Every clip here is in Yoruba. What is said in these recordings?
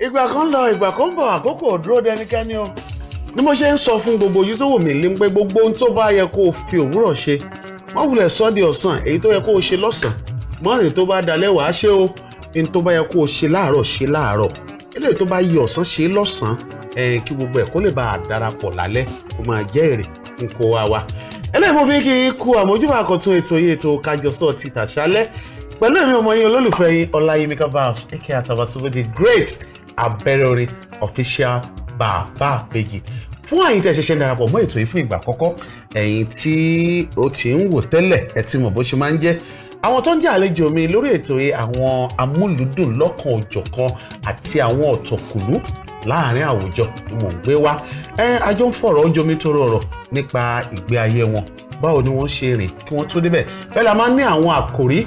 ìgbà kan lọ ìgbà kan ń bọ̀ àkókò òdúró dẹnikẹ́ni o ni mo ṣe ń sọ fún gbogbo ojú tó wò mí lé pé gbogbo ohun tó bá yẹ kó o fi òwúrọ̀ ṣe má wulẹ̀ sọ di ọ̀sán èyí tó yẹ kó o ṣe lọ́sàn-án mọ́rin tó bá dalẹ̀ wàá ṣe o ní tó bá yẹ kó o ṣe láàárọ̀ ṣe láàárọ̀ eléyìí tó bá yẹ ọ̀sán ṣe lọ́sàn-án kí gbogbo ẹ̀ kó lè bá a darapọ̀ lálẹ́ kó máa jẹ́ èrè ń kó wa wa eléyìí mo fi kí i kú àmójúbà àkọ́tún ètò yìí ètò Kájọsọ ti tàṣálẹ́ pẹ̀lú èmi ọmọ yín olólùfẹ́ yín Ọláyími Kábàs aka Àtàbàtúbú the great abẹ́rẹ́ orin official bàbá àpèjì fún àyín tẹ́ ṣẹ̀ṣẹ̀ darapọ̀ mọ́ ètò yìí fún ìgbà àkọ́kọ́ ẹ̀yin tí o ti ń wò tẹ́lẹ̀ ẹ ti mọ̀ bó ṣe máa ń jẹ́ àwọn tó ń jẹ́ àlejò mi lórí ètò yìí àwọn amúlùúdùn lọ́kan òjọ̀kan àti àwọn ọ̀tọ̀kùlú láàrin àwùjọ ni mò ń gbé wá ẹ àjọ ń fọ̀rọ̀ ọjọ́ mi tóró ọ̀rọ̀ nípa ìgbé ayé wọn báwo ni wọ́n ṣe rìn kí wọ́n tó débẹ̀ bẹ́ẹ̀ la máa ń ní àwọn àkòrí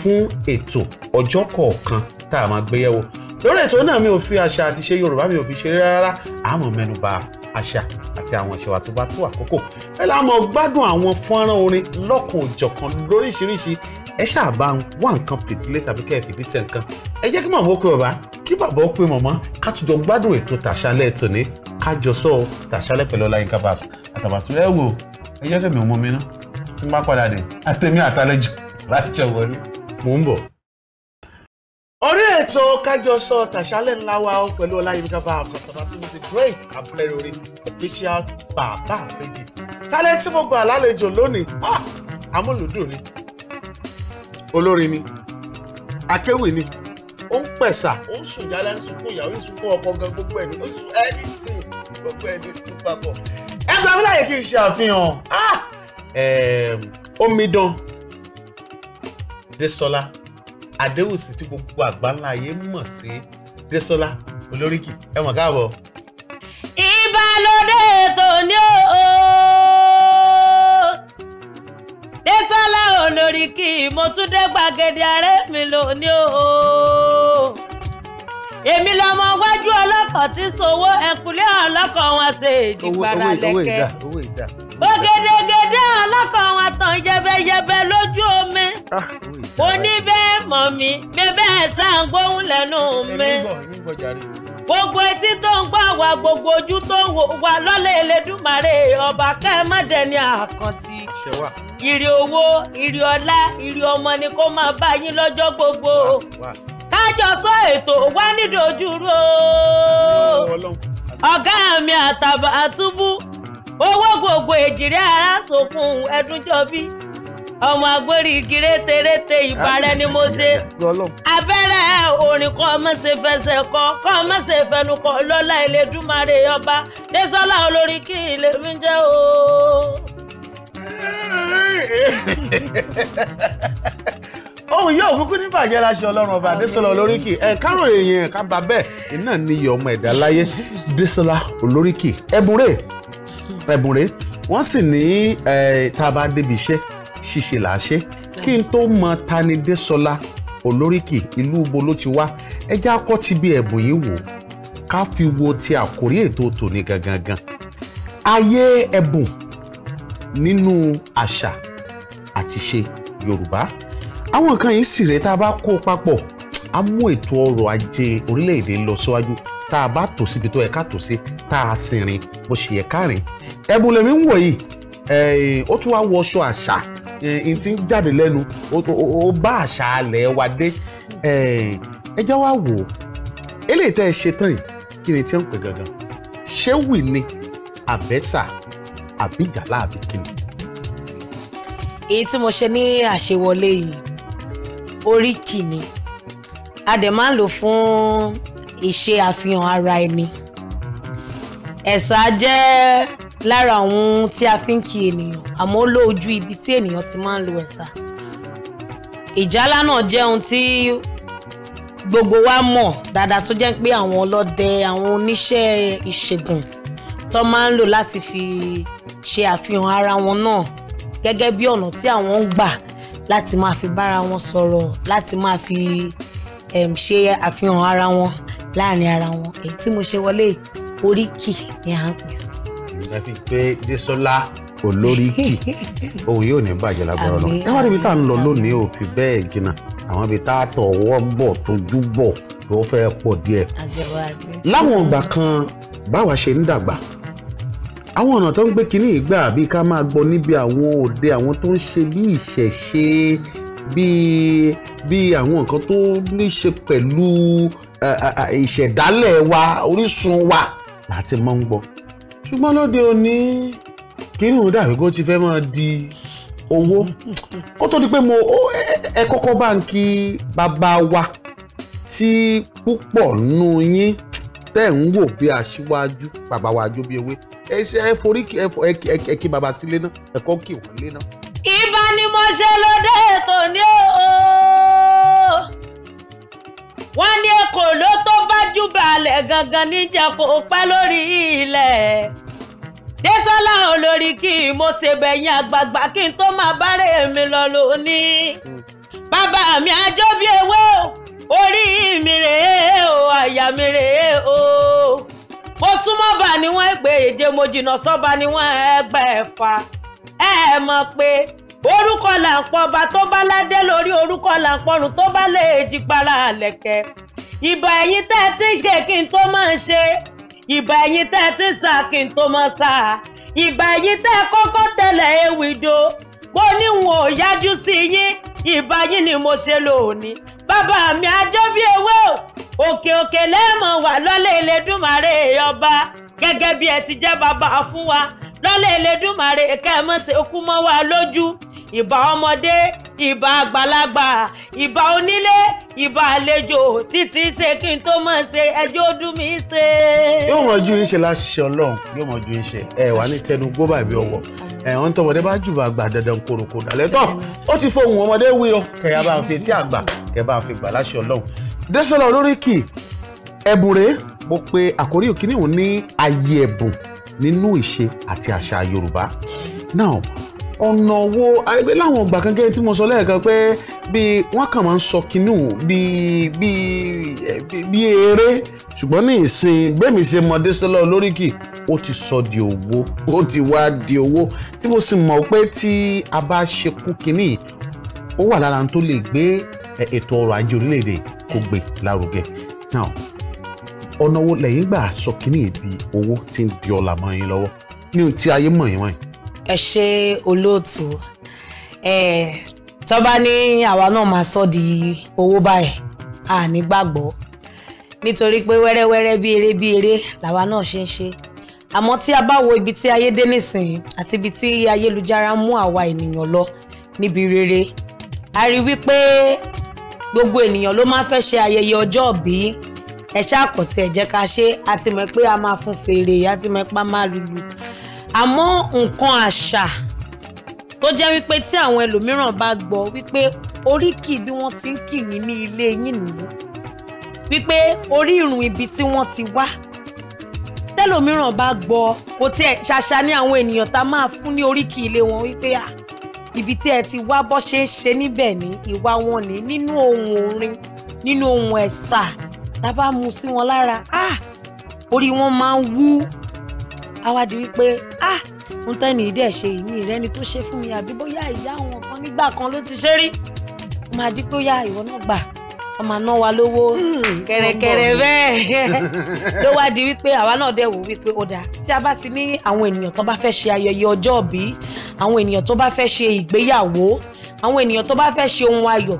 fún ètò ọjọ́ kọ̀ọ̀kan tá a máa gbé yẹ̀wò lórí ètò náà mi ò fi àṣà àti ṣe yorùbá mi ò fi ṣeré rárá àmọ́ mẹ́nubà àṣà àti àwọn ìṣẹ̀wà tó bá tó àkókò ẹ lá mọ̀ gbádùn àwọn fọ́nrán orin lọ́kùn òjọ̀kan lóríṣiríṣi ẹ ṣáà bá ń wá nǹkan fìdílé tàbí kẹ́ ẹ fìdí tẹ̀ nǹkan ẹ jẹ́ kí màmá ó pe bàbá kí bàbá ó pe màmá ká tún jọ gbádùn ètò tàṣálẹ̀ tòní ká jọ sọ tàṣálẹ̀ pẹ̀lú ọláyínká bàbá àtàbàtú ẹ wò ẹ jẹ́ kẹ́mi ọmọ mi ná tí n bá padà dé àtẹ̀mí àtàlẹ́jọ́ láti ṣọ̀wọ́rí orí ètò kájọsọ tàṣálẹ̀ ńlá wa ó pẹ̀lú ọláyínká bá àwọn sàtàbàtì the great abẹ́rẹ́ orí official bàbá méjì tálẹ̀ tí mo gbà lálejò lónìí ah, amúlùdùn ni olórin ni akéwì ni ó ń pẹ̀sà ó ń sùn jálẹ̀ ń sunkún ìyàwó ń sunkún ọkọ gan gbogbo ẹni ó ń sun anything gbogbo ẹni tó papọ̀ ẹ gba abúláyé kì í ṣe àfihàn ah, ehm, omidan Desola adéwùsì tí gbogbo àgbáńlá ayé mọ̀ sí désọlá olóríkì ẹ mọ̀ káàbọ̀. ìbálòdé tòní o désọlá olóríkì mo tún dé gbàgede ààrẹ mi lónìí o èmi lọmọ wájú ọlọ́kọ̀ tí sowó ẹ̀kúlé ọlọ́kọ̀ wọn ṣe èjìgbara lẹ́kẹ́ ògèdègèdè ọlọ́kọ̀ wọn tàn yẹbẹyẹbẹ lójú omi mo ní bẹ́ẹ̀ mọ̀ mi mi bẹ́ẹ̀ ṣàǹgbóhùn lẹ́nu mi gbogbo etí tó ń gbọ́ wá gbogbo ojú tó ń wà lọ́lẹ̀ Elédùmarè ọba kẹ́mọ́dé ní àkàntì ìrì owó ìrì ọlá ìrì ọmọ ni kó máa bá yín lọ́jọ́ gbogbo. jọ sọ ètò wá nídìí ojú ró ọ̀gá mi àtàbà àtúbú owó gbogbo èjìrè arásòkun ẹdúnjọbí ọmọ agbórí igi rétérété ìparẹ́ ni mo ṣe abẹ́rẹ́ orin kọ́ mọ́sẹ̀ fẹsẹ̀ kọ́ kọ́ ohun yóò kúkú ní bàjẹ́ láṣẹ ọlọ́run ọba adésọlá olóríkì ẹ káròyìn yẹn ká bá bẹ́ẹ̀ iná ní iyọ̀ ọmọ ẹ̀dá láyé désọlá olóríkì ẹ̀bùn rẹ̀ ẹ̀bùn rẹ̀ wọ́n sì ní tá a bá débi iṣẹ́ ṣíṣe là á ṣe kí n tó mọ ta ni désọlá olóríkì ìlú ibo ló ti wá ẹ jẹ́ akọ́ ti bí ẹ̀bùn yìí wò ká fi wo ti àkórí ètò tòní gangan ayé ẹ̀bùn nínú àṣà àti yorùbá àwọn nǹkan yìí sì rèé tá a bá kó papọ̀ á mú ètò ọrọ̀ ajé orílẹ̀-èdè lọ síwájú tá a bá tò síbi tó yẹ ká tò sí tá a sì rìn bó ṣe yẹ ká rìn ẹ̀bùn lèmi ń wò yìí ó tún wá wọṣọ àṣà n ti ń jáde lẹ́nu ó bá àṣà alẹ̀ wa dé ẹ jẹ́ wá wò ó eléyìí tẹ́ ẹ ṣe tán yìí kí ni tí ó ń pè gangan ṣé wì ni àbẹ́sà àbíjàlá àbíkíni. èyí tí mo ṣe ní àṣewọlé yìí oríkì ni a dẹ̀ máa ń lò fún ìṣe àfihàn ara ẹni ẹ̀sà jẹ́ lára ohun tí a fi ń kí ènìyàn àmọ́ ó lójú ibi tí ènìyàn ti máa ń lo ẹ̀sà ìjálá náà jẹ́ ohun tí gbogbo wa mọ̀ dáadáa tó jẹ́ pé àwọn ọlọ́dẹ àwọn oníṣẹ́ ìṣègùn tó máa ń lò láti fi ṣe àfihàn ara wọn náà gẹ́gẹ́ bí ọ̀nà tí àwọn ń gbà láti máa fi bára wọn sọ̀rọ̀ láti máa fi ṣe àfihàn ara wọn láàrin ara wọn èyí tí mo ṣe wọlé oríkì ni à ń pè sí. ẹ fi pé Désọ́lá olóríkì òun yóò ní bàjẹ́ lágbára lọ ẹ wá níbi tá à ń lọ lónìí ò fi bẹ́ẹ̀ jìnnà àwọn ibi tá a tọwọ́ bọ̀ tójú bọ̀ tó fẹ́ pọ̀ díẹ̀. láwọn ìgbà kan báwa ṣe ń dàgbà àwọn ọ̀nà tó ń gbé kinní ìgbà bíi ká máa gbọ́ níbi àwọn òde àwọn tó ń ṣe bí ìṣẹ̀ṣe bíi bíi àwọn nǹkan tó ní ṣe pẹ̀lú ìṣẹ̀dálẹ̀ wa orísun wa láti máa ń gbọ́ ṣùgbọ́n lóde òní kinní òun dàbí kó ti fẹ́ máa di owó kó tó di pé mo ẹ kọ́kọ́ bá bàbá wa tí púpọ̀ nù yín tẹ́ ń wò bí aṣíwájú bàbá wa jó ewé ẹ ṣe ẹ forí ẹ kí bàbá sílé náà ẹ kọ́ kí wọ́n lé náà. ibà ni mo ṣe lóde ètò ní ooo wọ́n ní èkó ló tó bá jù balẹ̀ gangan níjà kò pẹ́ lórí ilẹ̀ désọlá olórí kí mo ṣe bẹ̀yìn àgbààgbà kí n tó máa bárẹ̀ mi lọ lónìí bàbá mi àjọ ewé orí mi rèé àyà mi rèé o mo súnmọ́ bá ni wọ́n gbé èje mo jìnnà sọ́ba ni wọ́n ẹgbẹ́ ẹ̀fà ẹ mọ̀ pé orúkọ là ń pọ̀ ọba tó bá ládé lórí orúkọ là ń pọ̀rùn tó bá lè jí para àlẹ̀kẹ́ ìbà ẹ̀yìn tẹ́ ẹ ti ṣe kí n tó máa ṣe ìbà ẹ̀yìn tẹ́ ẹ ti sà kí n tó máa sà ìbà ẹ̀yìn tẹ́ ẹ kọ́kọ́ tẹ̀lẹ̀ ewì do mo níwọ̀n ò yájú sí yín ìbà yín ni mo ṣe lónìí bàbá mi àjọ bí ewé o òkè òkè lẹ́ẹ̀mọ̀ wà lọ́lẹ̀ Elédùmarè ọba gẹ́gẹ́ bí ẹ ti jẹ́ bàbá fún wa lọ́lẹ̀ Elédùmarè kẹ́ ẹ mọ̀ ṣe okú mọ́ wa lójú ìbá ọmọdé ìbá àgbàlagbà ìbá onílé ìbá àlejò títí ṣe kí n tó mọ̀ ṣe ẹjọ́ ọdún mi ṣe. yóò mọ ju iṣẹ́ láṣẹ Ọlọ́run yóò mọ ju iṣẹ́ ẹ wà ní tẹnu gbóbà bí ọwọ́ ẹ wọn tọmọdé bá jù bá gbà dandan koroko dalẹ tán ó ti fohùn ọmọdé wí o kẹyà bá ń fi etí àgbà kẹyà bá ń fi gbà láṣẹ Ọlọ́run Désọlá Olóríkì ẹ̀bùn rèé mo pe àkórí òkínní òun ní ayé ẹ̀bùn nínú ìṣe àti àṣà Yorùbá now ọ̀nà wo àìpé láwọn ọgbà kan gẹ́gẹ́ tí mo sọ lẹ́ẹ̀kan pé bíi wọ́n kàn máa ń sọ kinú bíi bíi bíi eré ṣùgbọ́n ní ìsìn bẹ́ẹ̀mí ṣe mọ̀dé sọ́lọ́ olóríkì ó ti sọ di owó ó ti wá di owó tí mo sì mọ̀ pé tí a bá ṣe kún kinní ó wà lára tó lè gbé ètò ọrọ̀ ajé orílẹ̀-èdè kó gbé lárugẹ ọ̀nà wo lẹ́yìn gbà sọ kinní di owó tí ń di ọ̀là mọ́ yín lọ́wọ́ ní ti ayé mọ̀ yín wọ̀nyí ẹ ṣe olóòtú ẹ tó bá ní àwa náà máa sọ di owó báyìí a ní gbàgbọ́ nítorí pé wẹ́rẹ́wẹ́rẹ́ bí eré bí eré làwa náà ṣe ń ṣe àmọ́ tí a bá wo ibi tí ayé dé nísìnyí àti ibi tí ayélujára mú àwa ènìyàn lọ níbi rere a rí wípé gbogbo ènìyàn ló máa fẹ́ ṣe ayẹyẹ ọjọ́ ìbí ẹ ṣáà pọ̀ tí ẹ jẹ́ ká ṣe a ti mọ̀ pé a máa fún fèrè a ti mọ̀ pé a máa lùlù àmọ́ nǹkan àṣà tó jẹ́ wípé tí àwọn ẹlòmíràn bá gbọ́ wípé oríkì bí wọ́n ti ń kì yín ní ilé yín nìyí wípé orí ìrùn ibi tí wọ́n ti wá tẹ́lòmíràn bá gbọ́ kò tiẹ̀ ṣàṣà ní àwọn ènìyàn tá a máa fún ní oríkì ilé wọn wípé à ibi tí ẹ ti wá bọ́ ṣe é ṣe níbẹ̀ ní ìwà wọn ní nínú ohun orin nínú ohun ẹ̀sà tá a bá mu sí wọn lára ah orí wọn máa ń wú á wá di wípé ah ń tẹ́ni ìdẹ́ ṣe ìmí rẹ ni tó ṣe fún mi àbí bóyá ìyá àwọn kan nígbà kan ló ti ṣe rí máa di pé ó yá ìwọ náà gbà ọmọ náà wa lówó hmm, kẹrẹkẹrẹ bẹ́ẹ̀ ló wá di wípé àwa náà dẹ̀ wò wípé ó dáa tí a bá ti ní àwọn ènìyàn tó bá fẹ́ ṣe ayẹyẹ ọjọ́ ìbí àwọn ènìyàn tó bá fẹ́ ṣe ìgbéyàwó àwọn ènìyàn tó bá fẹ́ ṣe ohun ayọ̀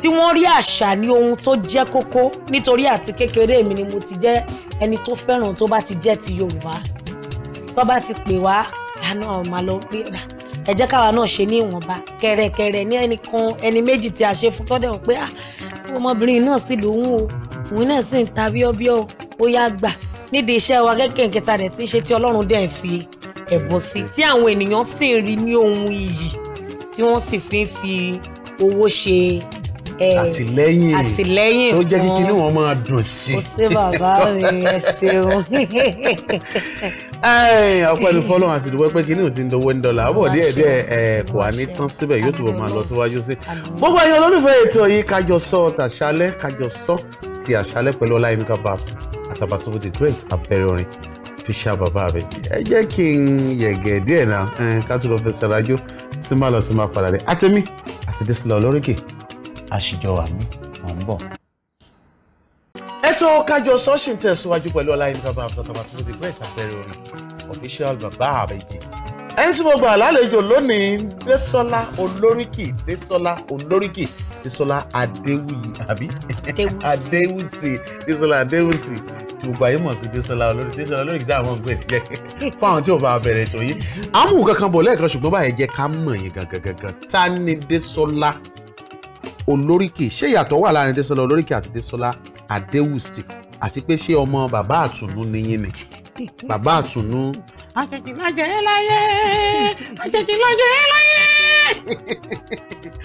tí wọ́n rí àṣà ní ohun tó jẹ́ kókó nítorí àti kékeré mi ni mo ti jẹ́ ẹni tó fẹ́ràn tó bá ti jẹ́ ti Yorùbá tó bá ti pè wá lánà ọ̀ma ló ń pè ọ̀dà ẹ jẹ́ káwa náà ṣe ní ìwọ̀nba kẹ̀rẹ̀kẹ̀rẹ̀ ní ẹnì kan ẹni méjì tí a ṣe fún tọ́dẹ̀ wọ́n pé à ah, ọmọbìnrin náà sì lòun o òun náà sì ń ta bíọ́bíọ́ ó yá gbà nídìí iṣẹ́ wa gẹ́gẹ́ nkẹta rẹ̀ tí ń ṣe tí ọlọ́run dẹ̀ ń fi ẹ̀bùn sí tí àwọn ènìyàn sì ń rí ní ohun iyì tí wọ́n sì fi ń fi owó ṣe àtìlẹ́yìn àtìlẹ́yìn fún tó jẹ́ kí kinní wọn máa dùn sí i. kò sí bàbá mi ẹ ṣeun. ọpẹ́ ní fọ́lọ́run àti ìdúpẹ́ pé kinní ò ti ń dọwọ́ ń dọ́là àbọ̀ díẹ̀ díẹ̀ kò wá ní tán síbẹ̀ yóò túbọ̀ máa lọ síwájú sí. gbogbo ẹ̀yin olólùfẹ́ ètò yìí kájọ sọ tàṣálẹ́ kájọ sọ ti àṣálẹ́ pẹ̀lú ọláyínká babs àtàbàtúbù the great abẹ́rẹ́ orin fi ṣá bàbá rẹ̀ ẹ jẹ́ kí n yẹ̀gẹ̀ díẹ̀ náà ká tó lọ fẹsẹ̀ rájò tí má lọ sí má padà dé àtẹ̀mí àti dísìlọ lóríkè àṣìjọ wà mí mò ń bọ̀. ètò kájọ sọ́ọ̀ṣì ń tẹ̀síwájú pẹ̀lú ọláyẹmí bàbá àfọ̀tàbà tó ti gbé ìtàfẹ́rẹ́ orin official bàbá àbẹ̀jì. ẹni tí mo gbà lálejò lónìí Désọlá olóríkì Désọlá olóríkì Desola adéwùyí àbí adéwùsì Désọlá adéwùsì tí gbogbo ayé mọ̀ sí Désọlá olórí Désọlá olórí dá àwọn ògbẹ́ sílẹ̀ fáwọn tí ò bá bẹ̀rẹ̀ tó yín àmú kankan bọ̀ lẹ́ẹ̀kan ṣùgbọ́n báyìí jẹ́ ká mọ̀ yín gangan gangan ta ni desola olóríkì ṣé ìyàtọ̀ wà láàrin Désọlá olóríkì àti Désọlá Adéwùsì àti pé ṣé ọmọ bàbá àtùnú nìyín ni bàbá àtùnú. àjèjì lọ́jọ́ yẹn láyé àjèjì lọ́jọ́ yẹn láyé.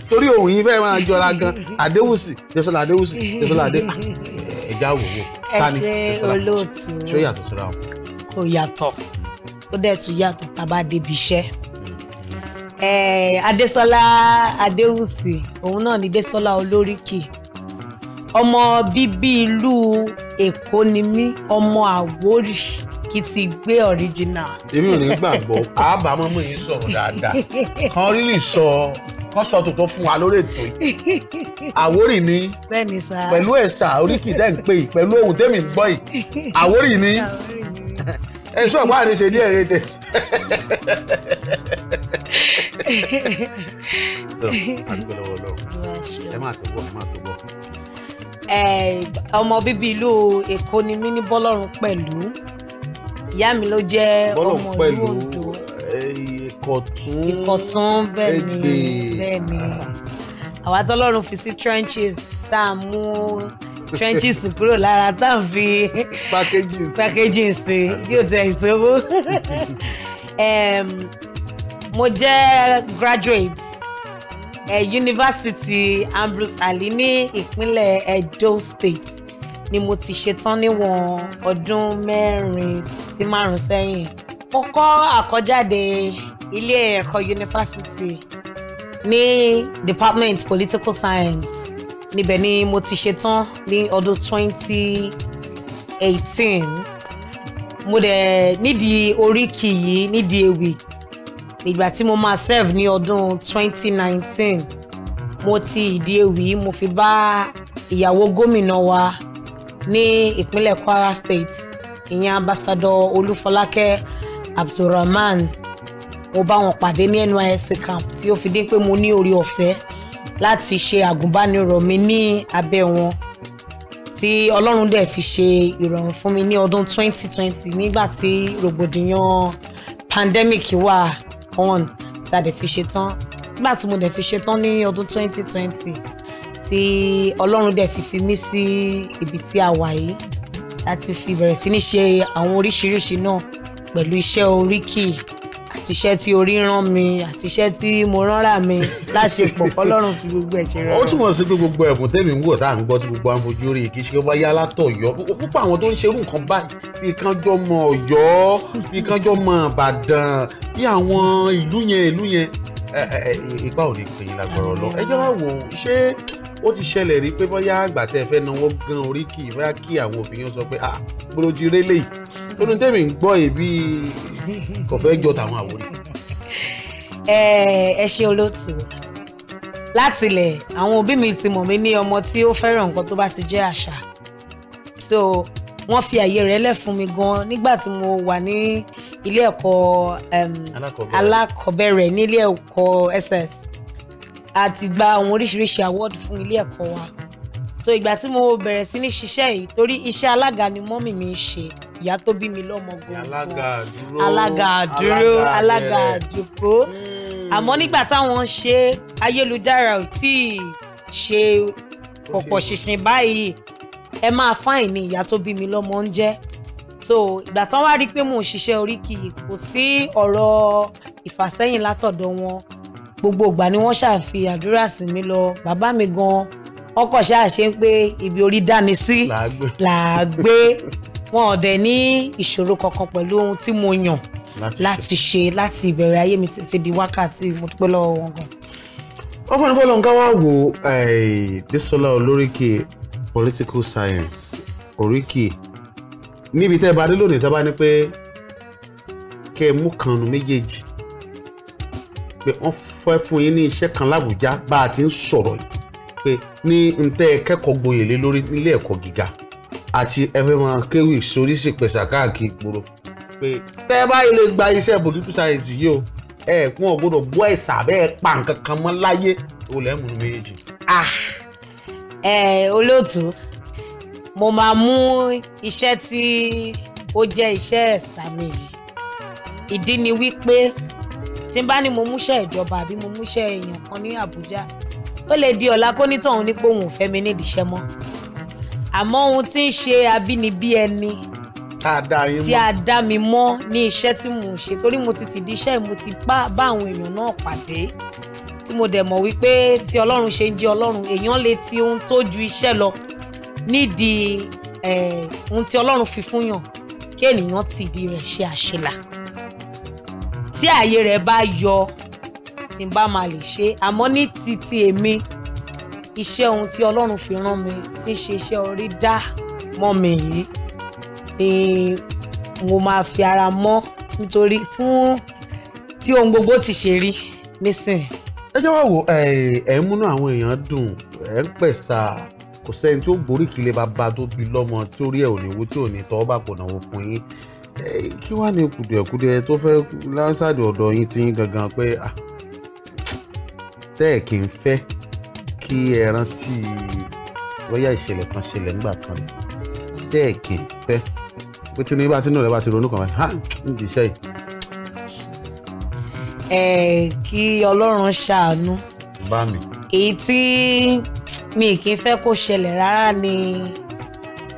torí òun yìí fẹ́ẹ́ máa jọra gan Adéwùsì Désọlá Adéwùsì Désọlá Adé ẹja wòwò tani Désọlá ṣé ó yàtọ̀ síra o. kò yàtọ̀ ó dẹ̀ tún yàtọ̀ tá a bá débi iṣẹ́ Eh, Adésọlá Adéwùsì òun náà ni Désọlá Olóríkì ọmọ bíbí ìlú Èkó ni mí ọmọ Àwórì kì í ti gbé original. èmi ò ní gbàgbọ́ àbámọ́ mú yín sọ̀rọ̀ dáadáa kan rí lè sọ kan sọ tòótọ́ fún wa lórí ètò yìí Àwórì ni pẹ̀lú ẹ̀sà oríkì dẹ́ ń pè yìí pẹ̀lú ohun tẹ́mi ń gbọ́ yìí Àwórì ni ẹ̀sùn ọ̀pá àníṣe ní ẹ̀rẹ́dẹ̀ ẹ máa tó bọ̀ ẹ máa tó bọ̀. ọmọ bíbí ìlú èkó ni mí ní bọ́lọ́run pẹ̀lú ìyá mi ló jẹ́ ọmọ ìlú Oǹdó ìkọ̀tún ìkọ̀tún bẹ́ẹ̀ ni bẹ́ẹ̀ ni àwa tọ́lọ́run fi sí trenches tá a mú trenches kúrò lára tá a fi packaging sí bí o tẹ̀ ìṣòwò mo jẹ́ graduate eh, University Ambrose Ali ní ìpínlẹ̀ Edo State ni mo ti ṣetán níwọ̀n ọdún mẹ́rin sí márùn sẹ́yìn mo kọ́ àkọ́jáde ilé ẹ̀kọ́ yunifásitì ní Department Political Science níbẹ̀ ni mo ti ṣetán ní ọdún 2018 mo dẹ̀ nídìí oríkì yìí nídìí ewì nígbà tí mo máa serve ní ọdún 2019 mo ti ìdí ewì mo fi bá ìyàwó gómìnà wa ní ìpínlẹ̀ Kwara State ìyẹn ambassador Olúfọlákẹ́ Abdulrahman mo bá wọn pàdé ní NYSC camp tí ó fi dé pé mo ní orí ọ̀fẹ́ láti ṣe àgùnbánirọ̀ mi ní abẹ́ wọn tí ọlọ́run dẹ̀ fi ṣe ìrọ̀rùn fún mi ní ọdún 2020 nígbà tí rògbòdìyàn pandemic wà on tá a dẹ̀ fi ṣetán nígbà tí mo dẹ̀ fi ṣetán ní ọdún 2020 tí ọlọ́run dẹ̀ fi fi mí sí ibi tí a wà yìí láti fi bẹ̀rẹ̀ sí ní ṣe àwọn oríṣiríṣi náà pẹ̀lú iṣẹ́ oríkì àti iṣẹ́ tí orí rán mi àti iṣẹ́ tí mo ránra mi láṣepọ̀ kọ́lọ́run fi gbogbo ẹ̀ṣẹ̀ rẹ̀. ó túmọ̀ sí pé gbogbo ẹ̀bùn tẹ́mi ń wò tá à ń gbọ́ tí gbogbo à ń fojú rí kì í ṣe bá yálà púpọ̀ àwọn tó ń ṣerú nǹkan báyìí bí kánjọ́ mọ ọ̀yọ́ bí kánjọ́ mọ ìbàdàn bí àwọn ìlú yẹn ìlú yẹn ipa ò ní pè ó ti ṣẹlẹ̀ rí pé bóyá àgbà tẹ́ fẹ́ náwó gan orí kì í bóyá kí àwọn obìnrin sọ pé ah gbòòròjì rélé yìí lónìí tẹ́mi ń gbọ́ èbí kò fẹ́ jọ tàwọn àwòrán. ẹ ẹ ṣe olóòtú látilẹ̀ àwọn òbí mi ti mọ̀ mí ní ọmọ tí ó fẹ́ràn nǹkan tó bá ti jẹ́ àṣà so wọ́n fi àyè rẹ̀ lẹ̀ fún mi gan nígbà tí mo wà ní ilé ẹ̀kọ́ alákọ̀ọ́bẹ̀rẹ̀ nílé ẹ̀kọ́ ss àti gba àwọn oríṣiríṣi award fún ilé ẹ̀kọ́ wa so ìgbà tí mo bẹ̀rẹ̀ sí ní ṣiṣẹ́ yìí torí iṣẹ́ alága ni mọ́mì mi ń ṣe ìyá tó bí mi lọ́mọ gbogbo alága àdúró alága àjòkó hmm. àmọ́ nígbà táwọn ń ṣe ayélujára ò tí ì ṣe pọ̀pọ̀ ṣìnṣìn báyìí ẹ máa fáìn ni ìyá tó bí mi lọ́mọ ń jẹ́ so ìgbà tán wá rí i pé mò ń ṣiṣẹ́ oríkì kò sí ọ̀rọ̀ ìfàsẹ́yìn látọ̀dọ̀ wọn gbogbo ìgbà ni wọ́n ṣáà fi àdúrà sí mi lọ bàbá mi gan ọkọ̀ ṣáà ń pé ibi orí dání sí làá wọn ò ní ìṣòro kankan pẹ̀lú ohun tí mo yàn láti ṣe láti ìbẹ̀rẹ̀ ayé mi títí di wákàtí mo dúpẹ́ lọ́wọ́ wọn gan. ọba ní fọlọ́n ká wá wo eh, Désọlá Olóríkì political science oríkì níbi tẹ́ ẹ bá dé lónìí tẹ́ bá ní pé kẹ́ ẹ mú kanu méjèèjì pé wọ́n fẹ́ fún yín ní iṣẹ́ kan lábùjá bá a ti ń sọ̀rọ̀ yìí pé ní ntẹ́ kẹ́kọ̀ọ́ gboyè lé lórí nílé ẹ̀kọ́ gíga àti ẹfẹ́ máa kéwì sórí sì pẹ̀sà káàkiri gbòòrò pé tẹ́ báyìí lè gba iṣẹ́ political science yìí o ẹ kún ọ gbọ́dọ̀ gbọ́ ẹ̀sà bẹ́ẹ̀ pa nǹkan kan mọ́ láyé olè múnú méjèèjì. Ah! olóòtú mo máa mú iṣẹ́ tí ó jẹ́ iṣẹ́ ẹ̀sà mi yìí ìdí ni wípé tí n bá ní mo múṣẹ́ ìjọba àbí mo múṣẹ́ èèyàn kan ní Àbújá ó lè di ọ̀la kó nítọ̀hún ní pé òun ò fẹ́ mi nídìí iṣẹ́ mọ́ àmọ́ ohun tí ń ṣe abínibí ẹni tí a dá mi mọ́ ní iṣẹ́ tí mo ń ṣe torí mo ti tìdí iṣẹ́ mo ti bá àwọn èèyàn náà pàdé tí mo dẹ̀ mọ̀ wípé tí Ọlọ́run ṣe ń jẹ́ Ọlọ́run èèyàn lè ti ohun tó ju iṣẹ́ lọ nídìí ohun tí Ọlọ́run fi fún yàn kí ènìyàn tìdí rẹ̀ ṣe àṣelà tí ààyè rẹ̀ bá yọ tí n bá máa lè ṣe àmọ́ ní ti ti èmi iṣẹ́ ohun tí Ọlọ́run fi rán mi tí ń ṣe iṣẹ́ orí dá mọ́ mi yìí ni mo máa fi ara mọ́ nítorí fún tí ohun gbogbo ti ṣe rí nísìnyí. ẹ jẹ́ wá wo ẹ̀ ń múnú àwọn èèyàn dùn ẹ̀ ń pẹ̀sà kò sẹ́ni tí ó gborí kìlẹ̀ bàbá tó bí lọ́mọ tí ó rí ẹ̀ ò tí ò ní tọ́ bá kò náwó fún yín Eh, kí wàá ní kùdìẹ̀kudiẹ tó fẹ́ láṣáàdì ọ̀dọ̀ yín ti yín gangan pé tẹ́ ẹ̀ kì í fẹ́ kí ẹ rántí bóyá ìṣẹ̀lẹ̀ kan ṣẹlẹ̀ nígbà kan tẹ́ ẹ̀ kì í fẹ́ pé tí ní bá tinú rẹ̀ bá ti ronú kàn wá ha nídìí iṣẹ́ yìí. ẹ kí ọlọ́run ṣàánú. bá mi. èyí tí mi kì í fẹ́ kó ṣẹlẹ̀ rárá ni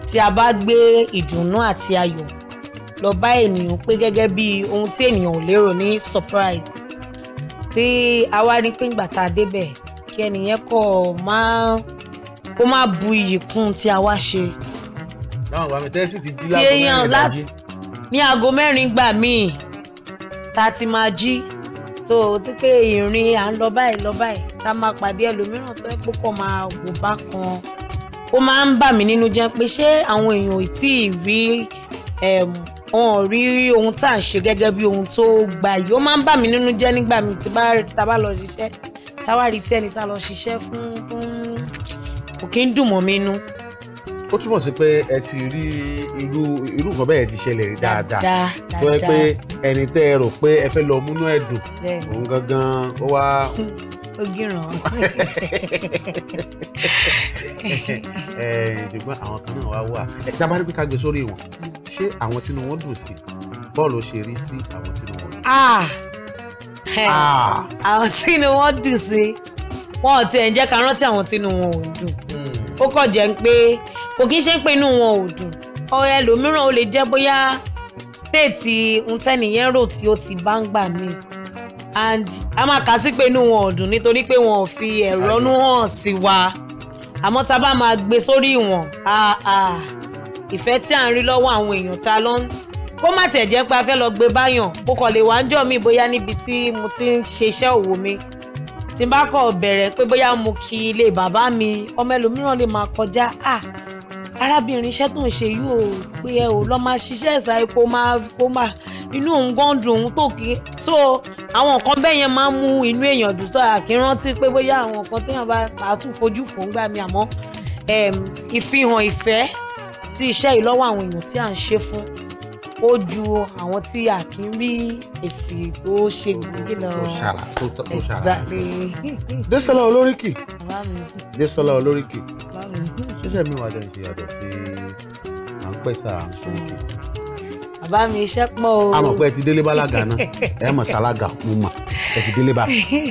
tí a bá gbé ìdùnnú àti ayọ̀ lọ bá ènìyàn pé gẹ́gẹ́ bí ohun tí ènìyàn ò lérò ní surprise tí a wá ní pé ìgbà tá a débẹ̀ kí ẹnìyẹn kọ̀ máa kó má bu iyì kún tí a wá ṣe. náà wàá mi tẹ́ sí ti di láago mẹ́rin ìdájí. ní aago mẹ́rin gbà míì tá a ti máa jí tó tí pé ìrìn à ń lọ báyìí lọ báyìí tá a máa pàdé ẹlòmíràn tó ẹ pé kò máa wò bá kan ó máa ń bà mí nínú jẹ́ pé ṣé àwọn èèyàn ò tí ì rí wọn ò rí ohun tá à ń ṣe gẹ́gẹ́ bí ohun tó gbayì ó máa ń bà mí nínú jẹ́ nígbà mi tí tá a bá lọ ṣiṣẹ́ tá a wá rí tẹ́ni tá a lọ ṣiṣẹ́ fún kò kí ń dùn mọ́ mi inú. ó túmọ̀ sí pé ẹ ti rí irú irú nǹkan bẹ́ẹ̀ ti ṣẹlẹ̀ dáadáa tó yẹ pé ẹni tẹ́ ẹ rò pé ẹ fẹ́ lọ múnú ẹ̀ dùn òun gangan ó wá. ó gíràn ṣùgbọ́n àwọn kan náà wá wà tá a bá rí pé ká gbé sórí wọn ṣé àwọn tínú wọn dùn sí bọ́ọ̀lù ṣe rí sí àwọn tínú wọn dùn. Ah! Ah! àwọn tínú wọn dùn sí wọn ò tiẹ̀ ń jẹ́ ká rántí àwọn tínú wọn ò dùn hmm. ó kọ̀ jẹ́ pé kò kí ń ṣe pé inú wọn ò dùn ọ̀rẹ́ ẹlòmíràn ó lè jẹ́ bóyá stéètì ntẹ́nìyẹn rò tí ó ti bá ń gbà mí and a máa kà sí pé inú wọn ò dùn nítorí pé wọn ò fi ẹ̀rọ nú hàn sí wa àmọ́ tá a bá máa gbé sórí ìwọ̀n ah, ìfẹ́ tí à ń rí lọ́wọ́ àwọn èèyàn ta ló ń kó má tiẹ̀ jẹ́ pé a fẹ́ lọ gbé báyàn mo kàn lè wá ń jọ mi bóyá níbi tí mo ti ń ṣeṣẹ́ òwò mi tí n bá kọ̀ bẹ̀rẹ̀ pé bóyá mo kí ilé bàbá mi ọmọ ẹlòmíràn lè máa kọjá à arábìnrin iṣẹ́ tó ń ṣe yìí ò pé ẹ ò lọ́ọ́ máa ṣiṣẹ́ ẹ̀sà epo máa kó máa inú òun gan òun tó kí so àwọn nǹkan bẹ́ẹ̀ yẹn máa ń mú inú èèyàn dùn sọ àkírántí pé bóyá àwọn nǹkan téèyàn bá tààtù fojú fò gbà mí àmọ́ ìfihàn ìfẹ́ sí iṣẹ́ yìí àwọn èèyàn tí à ń ṣe fún ó ju àwọn tí a kì í rí èsì tó ṣe gbòógì lọ. tó Désọlá Olóríkì. Désọlá Olóríkì. ṣẹṣẹ mi wà lẹ́yìn ìyàtọ̀ sí à ń pèsè à ń fún mi. bàbá mi iṣẹ́ pọ̀ o. a mọ̀ pé ẹ ti délé bálága náà ẹ mọ̀ sálága mo mà ẹ ti délé bá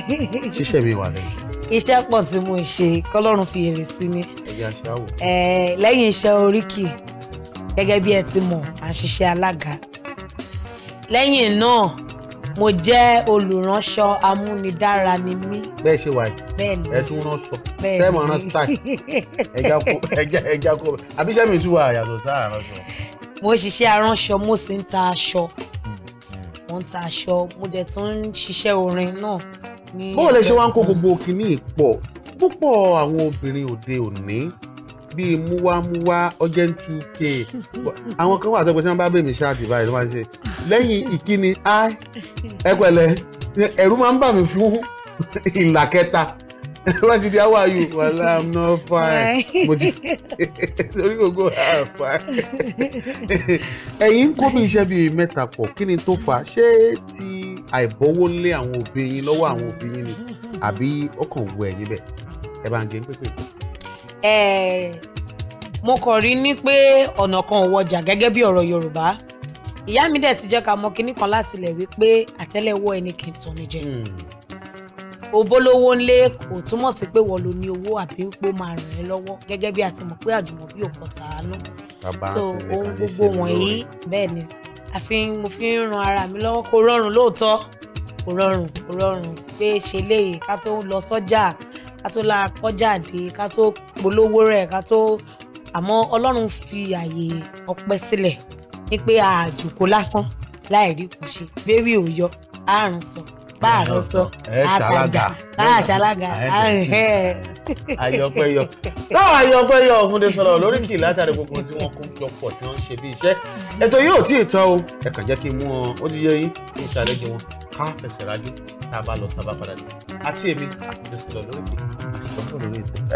ṣiṣẹ́ mi wà lẹ́yìn. iṣẹ́ pọ̀ tí mo ṣe kọ́lọ́run fi èrè sí ni ẹ̀yà ṣáwò. lẹ́yìn iṣẹ́ oríkì gẹ́gẹ́ bí ẹ ti mọ̀ à ń ṣiṣẹ́ alága lẹ́yìn náà mo jẹ́ olùránṣọ amúnidára ni mí. bẹ́ẹ̀ ṣe wà yìí ẹ tún ránṣọ bẹ́ẹ̀ mọ̀ rán style ẹja kó ẹja mi tún wà yàtọ̀ sáà ránṣọ. mo ṣiṣẹ́ aránṣọ mo sì ń ta aṣọ mo ń ta aṣọ mo dẹ̀ tún ń ṣiṣẹ́ orin náà. bó o lè ṣe wá ń kó gbogbo kínní pọ̀ púpọ̀ àwọn obìnrin òde òní bíi múwámúwá ọjẹ́ntu ké àwọn kan wà tó pé tí wọ́n bá bèmí ṣáàtì báyìí ló máa ń ṣe lẹ́yìn ìkíni i ẹ pẹ̀lẹ́ ẹ̀rù máa ń bà mí fún ìlà kẹta wọ́n ti di how are you wàhálà i'm not fine mo ti lórí gbogbo i'm fine ẹ̀yin kó bí iṣẹ́ bíi mẹ́ta pọ̀ kí ni tó fà ṣé ti àìbọ́wọ́lé àwọn òbí yín lọ́wọ́ àwọn òbí yín ni àbí ọkàn wù ẹ̀yin bẹ́ẹ̀ ẹ bá ń gé pépè. ẹ mo kàn rí ní pé ọ̀nà kan ò wọjà gẹ́gẹ́ bí ọ̀rọ̀ yorùbá ìyá mi dẹ̀ ti jẹ́ ká mọ kinní kan láti lẹ̀ wípé àtẹ́lẹwọ́ ẹni kì í tàn ní jẹ hmm. obólówó ńlé kò túmọ̀ sí pé wọ́n ló ní owó àbí pé máa ràn ẹ́ lọ́wọ́ gẹ́gẹ́ bí a ti mọ̀ pé àjùmọ̀ bí òkò tàánú so ohun gbogbo wọ̀nyí bẹ́ẹ̀ ni àfi mo fi ń ran ara mi lọ́wọ́ kó rọrùn lóòótọ́ kó rọrùn kó rọrùn pé ṣe léyìí ká tó lọ sọ́jà ká tó la kọ́ jáde ká tó polówó rẹ̀ ká tó àmọ́ ọlọ́run fi àyè ọpẹ́ sílẹ̀ ní pé àjòkó lásán láì rí kò ṣe bẹ́ẹ̀ wí ò àrùn sàn bá àrùn sọ àtàjà bá àṣàlágà àyọpẹyọ táwọn àyọpẹyọ ọ̀gúndé sọ̀rọ̀ lórí kì látàrí gbogbo tí wọ́n kún jọ pọ̀ tí wọ́n ń ṣe bí iṣẹ́ ètò yóò tí ì tán o ẹ kàn jẹ́ kí n mú wọn ó ti yé yín kí n ṣàlejò wọn ká fẹsẹ̀ rájú tá a bá lọ tá a bá padà dé àti èmi àti ìdẹ̀sọ̀rọ̀ lórí kì í nítorí ètò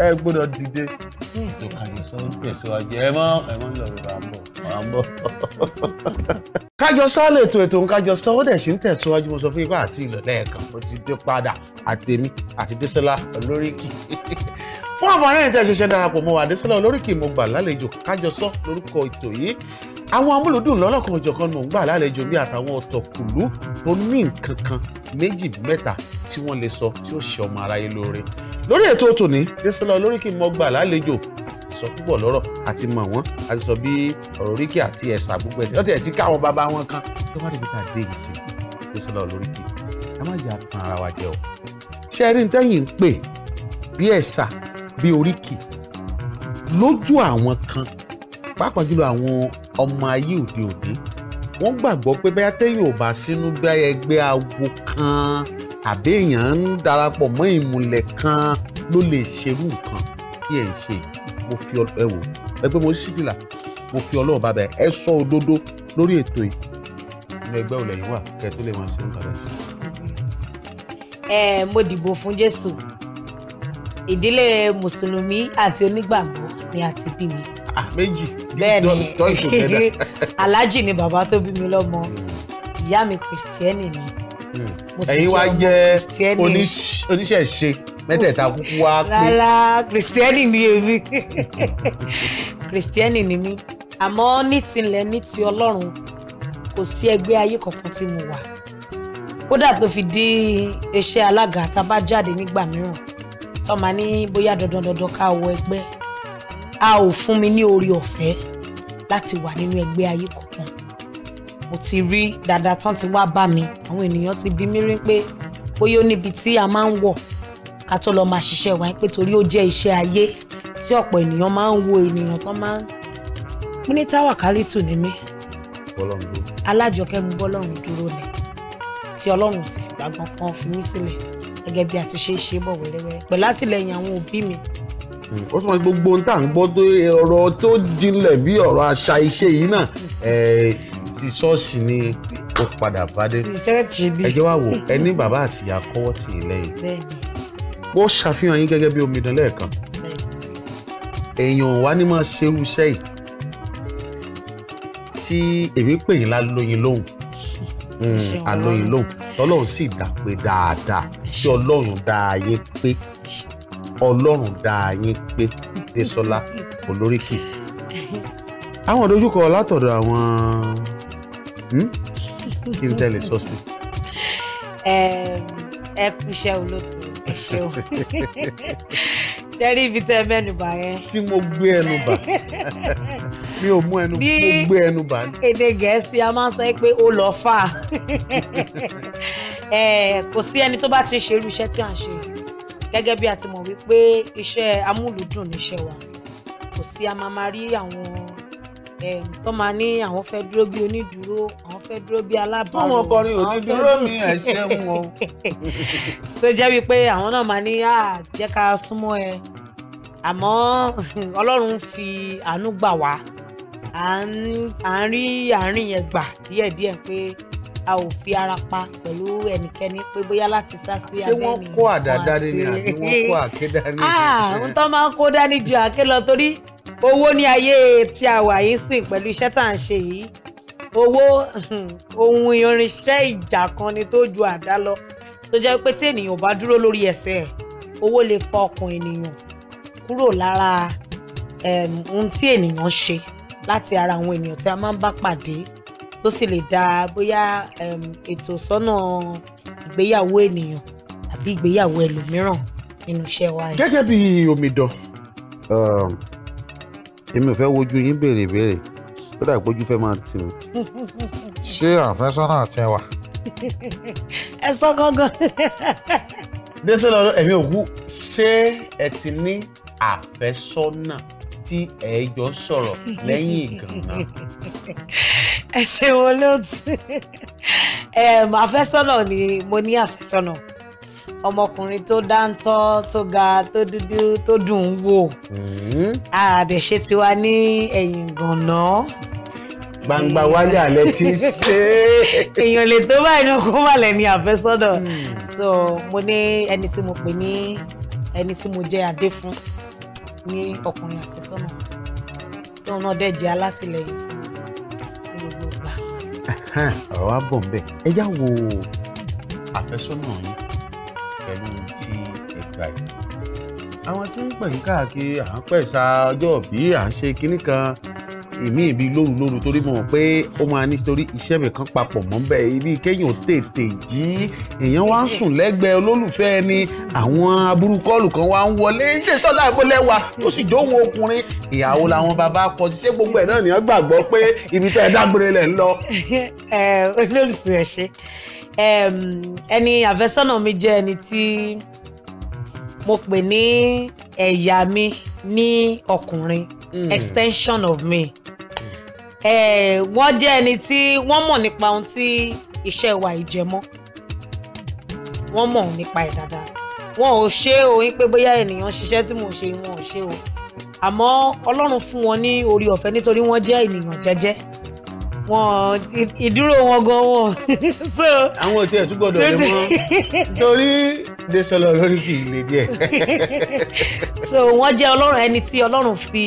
ẹ gbọ́dọ̀ dìde fún ètò Kájọsọ ń tẹ̀síwájú ẹ mọ́ ẹ mọ́ lọ rẹ̀ bá ń bọ̀ bá ń bọ̀. Kájọsọ lè to ètò Kájọsọ ó dẹ̀ ṣì ń tẹ̀síwájú mo sọ fún ipá àti ìlọ̀lẹ́ ẹ̀kan ó ti dé padà àtẹ̀mí àti Désọ́lá Olóríkì fún àǹfààní ìtẹ̀síṣẹ́ darapọ̀ mọ́ wa Désọ́lá Olóríkì mo gbà lálejò Kájọsọ lórúkọ ètò yìí àwọn amúlùdùn lọ́lọ́kan ọ̀jọ̀kan ni mò ń gbà lálejò bí àtàwọn ọ̀tọ̀kùlú tó ní nǹkan kan méjì mẹ́ta tí wọ́n lè sọ tí ó ṣe ọmọ aráyé lóore lórí ètò tòní désọlá olóríkì mọ gbà lálejò àti sọ púpọ̀ lọ́rọ̀ àti mọ̀ wọ́n àti sọ bí ọ̀rọ̀ oríkì àti ẹ̀sà gbogbo ẹ̀sìn lọ́tẹ̀ tí káwọn bàbá wọn kan tó bá dìbò tá a dé yìí sí désọlá olóríkì ẹ má yà tán ara wa jẹ o ṣe rí ntẹ́yìn ń pè bí ẹ̀sà bí oríkì lójú àwọn kan pàápàá jùlọ àwọn ọmọ ayé òde òní wọ́n gbàgbọ́ pé bẹ́ẹ̀ tẹ́yìn ò bá sínú gbá ẹgbẹ́ awo kan àbí èèyàn ń darapọ̀ mọ́ ìmùlẹ̀ kan ló lè ṣerú nǹkan kí ẹ̀ ń ṣe mo fi ẹ wò ẹ pé mo sì fìlà mo fi ọlọ́run bá bẹ ẹ sọ òdodo lórí ètò yìí inú ẹgbẹ́ ò lẹ́yìn wà kẹ́ ẹ tó lè máa ṣe nǹkan bẹ́ẹ̀. ẹ mo dìbò fún Jésù ìdílé mùsùlùmí àti onígbàgbọ́ ni a ti bí mi méjì bẹ́ẹ̀ni alhaji ni bàbá tó bí mi lọ́mọ hmm. ìyá mi kristiẹni ni hmm. mo sì jẹ́ ọmọ kristiẹni ẹ̀yin wá jẹ́ oníṣẹ̀ṣe mẹ́tẹ̀ẹ̀ta kúkú wá pé rárá kristiẹni ni èmi kristiẹni ni mí àmọ́ ní tilẹ̀ ní ti ọlọ́run kò sí ẹgbẹ́ ayé kankan tí mo wà kódà tó fi di iṣẹ́ alága tá a bá jáde nígbà mìíràn tó máa ní bóyá dandan dandan ká wọ ẹgbẹ́ a ò fún mi ní orí ọ̀fẹ́ láti wà nínú ẹgbẹ́ ayé kọ̀ọ̀kan mo ti rí dáadáa tán ti wá bá mi àwọn ènìyàn ti bí mi rí pé bóyá ó níbi tí a máa ń wọ̀ ká tó lọ máa ṣiṣẹ́ wa pé torí ó jẹ́ iṣẹ́ ayé tí ọ̀pọ̀ ènìyàn máa ń wo ènìyàn tán máa ń mo ní táwàkálítù ní mí alájọkẹ́ mi bọ́lọ́run dúró ni tí ọlọ́run sì fìgbà gbọ́n kan fi mí sílẹ̀ gẹ́gẹ́ bí a ti ṣe é ṣe bọ̀ wẹ́rẹ́wẹ́rẹ́ pẹ̀lú àtìlẹyìn àwọn òbí mi ó túmọ̀ sí gbogbo ohun tá à ń gbọ́ tó ọ̀rọ̀ tó jinlẹ̀ bí ọ̀rọ̀ àṣà iṣẹ́ yìí náà ti ṣọ́ọ̀ṣì ni ó padà bádé ẹjọ́ wa wò ẹ ní bàbá àti ìyá kọ́wọ́ tì í lẹ́yìn wọ́n ṣàfihàn yín gẹ́gẹ́ bí omidan lẹ́ẹ̀kan èèyàn wa ni máa ṣerú iṣẹ́ yìí tí èmi pè yín lálóyin lóhùn hmm, àlóyin lóhùn tọ́lọ́run sì dá dáadáa tí ọlọ́run dá ayé pé ọlọ́run dáa yín pé Désọlá olóríkì àwọn dojúkọ látọ̀dọ̀ àwọn hmm? kí n tẹ́lẹ̀ sọ sí. ẹ kú iṣẹ́ olóòtú ẹ ṣeun ṣe rí ibi tẹ́ mẹ́nu bà yẹn. tí mo gbé ẹnu bà mi ò mú ẹnu mo gbé ẹnu bà. èdè gẹ̀ẹ́sì a máa ń sọ pé ó lọ fà á kò sí ẹni tó bá ti ṣerú iṣẹ́ tí à ń ṣe gẹ́gẹ́ bí a ti mọ̀ wípé iṣẹ́ amúlùúdùn níṣẹ́ wa kò sí a máa máa rí àwọn tó máa ní àwọn fẹ́ dúró bí onídùúró àwọn fẹ́ dúró bí alábàárò àwọn ọkọrin onídùúró mi ẹ̀ ṣẹ́wọ̀n o. tó jẹ́ wípé àwọn náà máa ní à jẹ́ ká súnmọ́ ẹ àmọ́ ọlọ́run fi àánú gbà wá à ń rí àárín yẹn gbà díẹ̀díẹ̀ pé a ò fi ara pa pẹ̀lú ẹnikẹ́ni pé bóyá láti sá sí abẹ́ ni. ṣé wọ́n kó àdá dání ni àbí wọ́n kó àké dání. àwọn ah, tó máa ń kó dání ju àké lọ torí owó ní ayé tí a wà yìí sìn pẹ̀lú iṣẹ́ tá à ń ṣe yìí owó ohun irinṣẹ́ ìjà kan ni tó ju àdá lọ tó jẹ́ pé tí ènìyàn bá dúró lórí ẹsẹ̀ owó lè fọ ọkàn ènìyàn kúrò lára ohun tí ènìyàn ṣe láti ara àwọn ènìyàn tí a máa ń bá pàdé tó sì lè dá bóyá ètò sọ́nà ìgbéyàwó ènìyàn àbí ìgbéyàwó ẹlòmíràn nínú iṣẹ́ wa yìí. gẹ́gẹ́ bí omidan um, èmi ò fẹ́ wojú yín béèrè béèrè ó dà ìpójú fẹ́ máa tì mí. ṣé àfẹ́sọ́nà tiẹ̀ wà. ẹ sọ gángan. désè lọ́dọ̀ ẹ̀mí òkú ṣé ẹ ti ní àfẹ́sọ́nà tí ẹ jọ sọ̀rọ̀ lẹ́yìn ìgànnà. ẹ ṣeun olóòtú àfẹ́sọ́nà ni mo ní àfẹ́sọ́nà ọmọkùnrin tó dáńtọ́ tó ga tó dúdú tó dùn ún wò àdèṣe mm-hmm. tiwa ní ẹ̀yìn gànà. gbangba wálé alẹ́ ti ṣe. èèyàn lè tó báyìí náà kó wà lẹ́ni àfẹ́sọ́nà hmm. so mo ní ẹni tí mo pè ní ẹni tí mo jẹ́ adé fún ní ọkùnrin àfẹ́sọ́nà tóun náà dẹ̀ alátìlẹyìn ọ̀rọ̀ wa bọ̀ nbẹ̀ ẹ já wo àfẹ́sọ́nà yín pẹ̀lú ti ẹ̀ka yìí àwọn tí ń pè ń káàkiri à ń pẹ̀sà ọjọ́ bí à ń ṣe kinní kan ìmí ìbí lóru lóru torí mọ̀ pé ó máa ní torí iṣẹ́ mi kan papọ̀ mọ́ bẹ́ẹ̀ ibi kéèyàn tètè jí èèyàn wá ń sùn lẹ́gbẹ̀ẹ́ olólùfẹ́ ni àwọn aburúkọ́ọ̀lù kan wá ń wọlé ilé sọ́lá ìbólẹ́wà tó sì jóhun ọkùnrin ìyàwó làwọn bàbá kọ sí ṣé gbogbo ẹ̀ náà nìyẹn gbàgbọ́ pé ibi tẹ́ ẹ dágbére lẹ̀ ń lọ. olólùsìn ẹ̀ ṣe ẹni àfẹ́sọ́nà mi jẹ́ ẹni tí mo pè ní ẹ̀yà mi ní ọkùnrin hmm. extension of me wọ́n jẹ́ ẹni tí wọ́n mọ̀ nípa ohun tí iṣẹ́ wa ìjẹmọ́ wọ́n mọ̀ nípa ẹ̀ dáadáa wọn ò ṣe o yín pé bóyá ènìyàn ṣiṣẹ́ tí mò ń ṣe wọn ò ṣe o àmọ́ ọlọ́run fún wọn ní orí ọ̀fẹ́ nítorí wọ́n jẹ́ ènìyàn jẹ́jẹ́ wọn ìdúró wọn gan wọn. àwọn òtí ẹ̀ tún gbọ́dọ̀ lè mọ́ torí dé lórí kì í lè díẹ̀. so wọ́n jẹ́ ọlọ́run ẹni tí ọlọ́run fi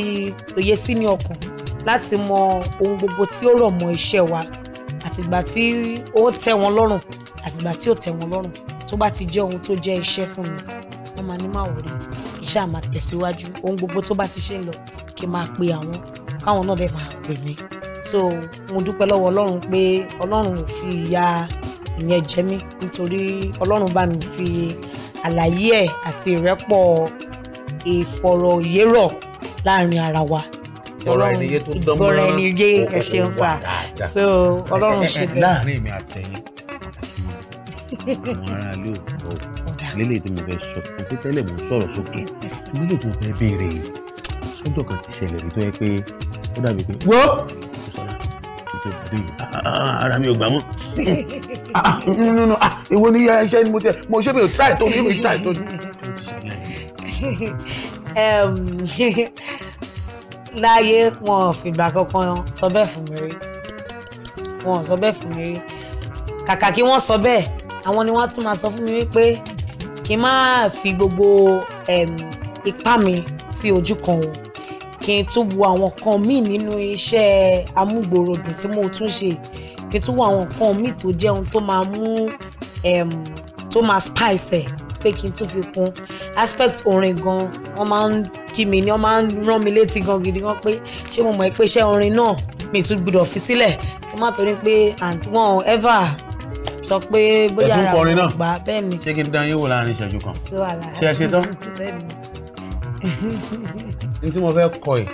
òye sí ní ọkàn láti mọ ohun gbogbo tí ó rọ̀ mọ́ iṣẹ́ wa àtìgbà tí ó tẹ́ wọn lọ́rùn àtìgbà tí ó tẹ́ wọn lọ́rùn tó bá ti jẹ́ ohun tó jẹ́ iṣẹ́ fún mi wọ́n máa ní máa wò rí kí ṣáà máa tẹ̀síwájú ohun gbogbo tó bá ti ṣe ń lọ kí máa pe àwọn káwọn náà dẹ̀ máa pè mí so mo dúpẹ́ lọ́wọ́ ọlọ́run pé ọlọ́run ò fi ìyà ìyẹn jẹ mí nítorí ọlọ́run bá mi fi àlàyé ẹ̀ àti ìrẹ́pọ̀ ìfọ̀rọ̀yérọ̀ láàrin ara wa ìgbọ́ra ẹni yé tó dán mọ́ ìgbọ́ra ẹni yé ẹ ṣeun so ọlọ́run ṣe bẹ́ẹ̀. láàrin mi àtẹ̀yìn àwọn ará ilé òkúrọ̀ lélẹ̀ tí mo fẹ́ sọ pé tẹ́lẹ̀ mo sọ̀rọ̀ sókè lélẹ̀ tó fẹ́ béèrè sọ́jọ́ kan ti ṣẹlẹ̀ rí tó yẹ pé ó dàbí pé wọ́ọ́ ara mi ò gbà mọ́ ìwọ ah, ni iṣẹ́ ni mo tẹ mo ṣe mi ò try tó mi ò try tó. láyé wọn fìgbà kankan sọ bẹ́ẹ̀ fún mi rí wọn sọ bẹ́ẹ̀ fún mi rí kàkà kí wọ́n sọ bẹ́ẹ̀ àwọn ni wọ́n tún máa sọ fún mi wípé kí n má fi gbogbo ipá mi sí ojú kan o kí n tún wo àwọn kan míì nínú iṣẹ́ amúgbòròdùn tí mo tún ṣe kí n tún wo àwọn kan míì tó jẹun tó máa mú tó máa spice ẹ̀ pé kí n tún fi kún aspect orin gan wọ́n máa ń kí mi ni wọ́n máa ń rán mi létí gan gidi gan pé ṣé mo mọ̀ pé iṣẹ́ orin náà mi tún gbọ́dọ̀ fi sílẹ̀ kí má torí pé wọ́n ever sọ pé bóyá ara wọn gbà bẹ́ẹ̀ ni. ṣé kí n dán yín wò láàrin ìṣẹ́jú kan ṣé ẹ ṣe tán n tí mo fẹ́ kọ ẹ̀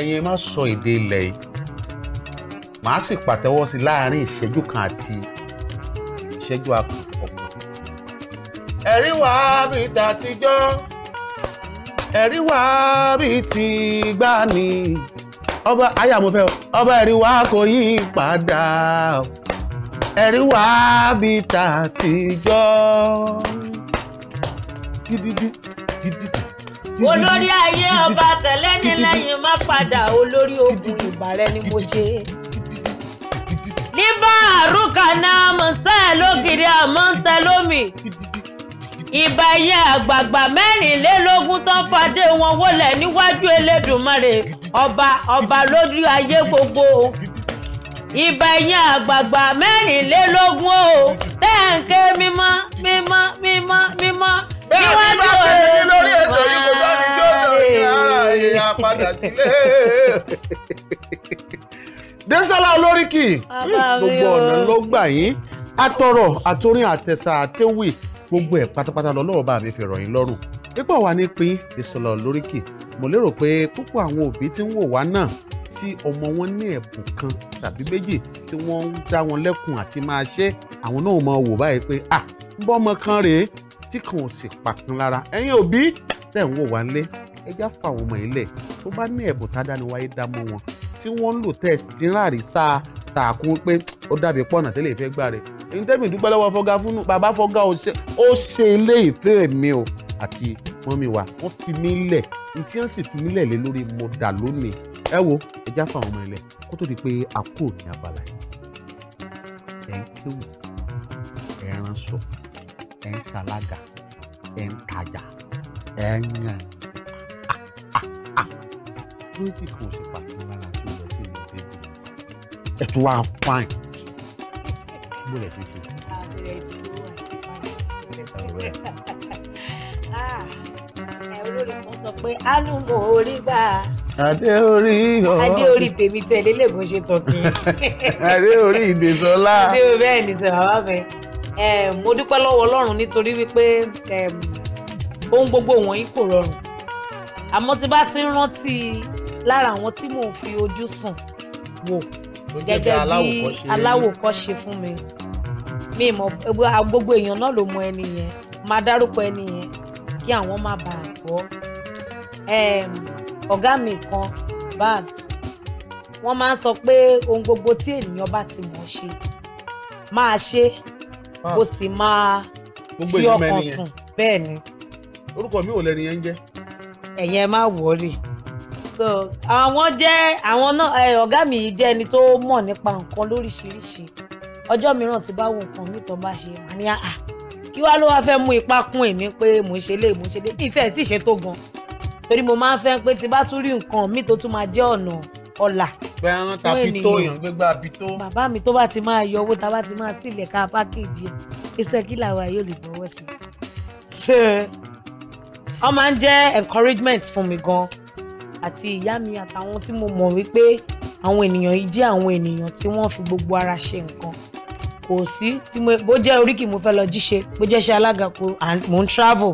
ẹ̀yin má sọ èdè ilẹ̀ yìí màá sì pàtẹ́wọ́ sí láàrin ìṣẹ́jú kan àti ìṣẹ́jú àkọ́kọ́ ẹ̀rí wá bí tàtijọ́ ẹ̀rí wá bí ti gbani ọba aya mo fẹ́ ọba ẹ̀rí wá kò yí padà ẹ̀rí wá bí tàtijọ́. olórí ayé ọba tẹ̀lé ní lẹ́yìn má padà olórí ogun ìbàrẹ̀ ni mo ṣe ní bá àrùn kan náà mọ̀ ń tẹ́ lókìrì àmọ́ ń tẹ lómi ìbà yẹn àgbààgbà mẹ́rìnlélógún tán fàdé wọn wọlé níwájú Elédùmarè ọba ọba lójú ayé gbogbo ìbà yẹn àgbààgbà mẹ́rìnlélógún o tẹ́ ń ké mímọ́ mímọ́ mímọ́ mímọ́ níwájú Elédùmarè. Désàlá Olóríkì gbogbo ọ̀nà ló gbà yín àtọ̀rọ̀ àtorin àtẹ̀sà àtẹ̀wì gbogbo ẹ̀ pátápátá lọ́lọ́wọ́ bá mi fi rọ̀ yín lọ́rùn pípọ̀ wà ní pín Ìṣọ̀lá Olóríkì mo lérò pé púpọ̀ àwọn òbí tí ń wò wá náà tí ọmọ wọn ní ẹ̀bùn kan tàbí méjì tí wọ́n ń dá wọn lẹ́kùn àti máa ṣe àwọn náà máa wò báyìí pé à ń bọ́ ọmọ kan rèé tí kan ò sì pàkan lára ẹ̀yin òbí tẹ̀ ń wò wá nílé ẹjá fún àwọn ọmọ ilẹ̀ tó bá ní ẹ̀bùn tá dáni wáyé dá mọ́ wọn tí wọ́n ń lò test ti ráàrí sáà sàkún pé ó dàbí pọ̀nà tẹ́lẹ̀ ìfẹ́ gbà rẹ̀ èyí tẹ́mi lọ́wọ́ fọ́gá fún bàbá fọ́gá ó ṣe ilé ìfẹ́ mi o àti mọ́mí wa wọ́n fi mí lẹ̀ tí wọ́n sì fi mí lẹ̀ lé lórí mo dà lónìí ẹ wo ẹja fún àwọn ọmọ ilẹ̀ kó tó di pé a ní abala yìí ẹ̀ ń kéwù ẹ̀ ń ránṣọ ẹ̀ ń ṣalága ẹ̀ ń tajà ẹ̀ ń yàn ah, ah, ah. lójú kan ò sì pàtó lára ẹ tún wá fine bó lè ti fi. pé alùmọ̀ orí gbà. adé orí ọ̀. adé orí tèmi tẹ̀lé lẹ́gùn ṣe tọ̀kì. adé orí ìdèsọ́lá. adé orí bẹ́ẹ̀ ni sọ bàbá mi. mo dúpẹ́ lọ́wọ́ ọlọ́run nítorí wípé ohun gbogbo wọ̀nyí kò rọrùn. àmọ́ tí bá ti ń rántí lára àwọn tí mò ń fi ojú sùn wò gẹ́gẹ́ bí aláwòkọ́ṣe fún mi mi mọ̀ gbogbo èèyàn náà ló mọ ẹni yẹn máa dárúkọ ẹni yẹn kí àwọn má bàa gbọ́ ọ̀gá mi kan bad wọ́n máa ń sọ pé ohun gbogbo tí ènìyàn bá ti mọ̀ ṣe máa ṣe kó sì máa fi ọkàn sùn bẹ́ẹ̀ ni. orúkọ mi ò lẹni yẹn ń jẹ́. ẹ̀yẹn má wọlé so àwọn jẹ́ àwọn náà ọ̀gá mi yìí jẹ́ ẹni tó mọ̀ nípa nǹkan lóríṣiríṣi ọjọ́ mìíràn tí bá wo nǹkan mi tó bá ṣe wà ní àà kí wá ló wá fẹ́ mú ipa kún èmi pé mò ń ṣe lé mò ń ṣe lé bí ìtẹ́ ẹ̀ tí ì ṣe tó gan torí mo máa ń fẹ́ pé tí bá tún rí nǹkan mi tó tún máa jẹ́ ọ̀nà ọ̀la fún ènìyàn bàbá mi tó bá ti máa yọ owó tá a bá ti máa tilẹ̀ ká pákéjì iṣẹ́ kí làwa yóò lè gbọ́wọ́ sí i. wọ́n máa ń jẹ́ encouragement fún mi gan-an àti ìyá mi àtàwọn tí mo mọ̀ wípé àwọn ènìyàn yìí jẹ́ àwọn ènìyàn tí wọ́n fi gbogbo ara ṣe nǹkan kò sí tí mo bó jẹ́ oríkì mo fẹ́ lọ jíṣe bó jẹ́ ṣe alága kò mò ń travel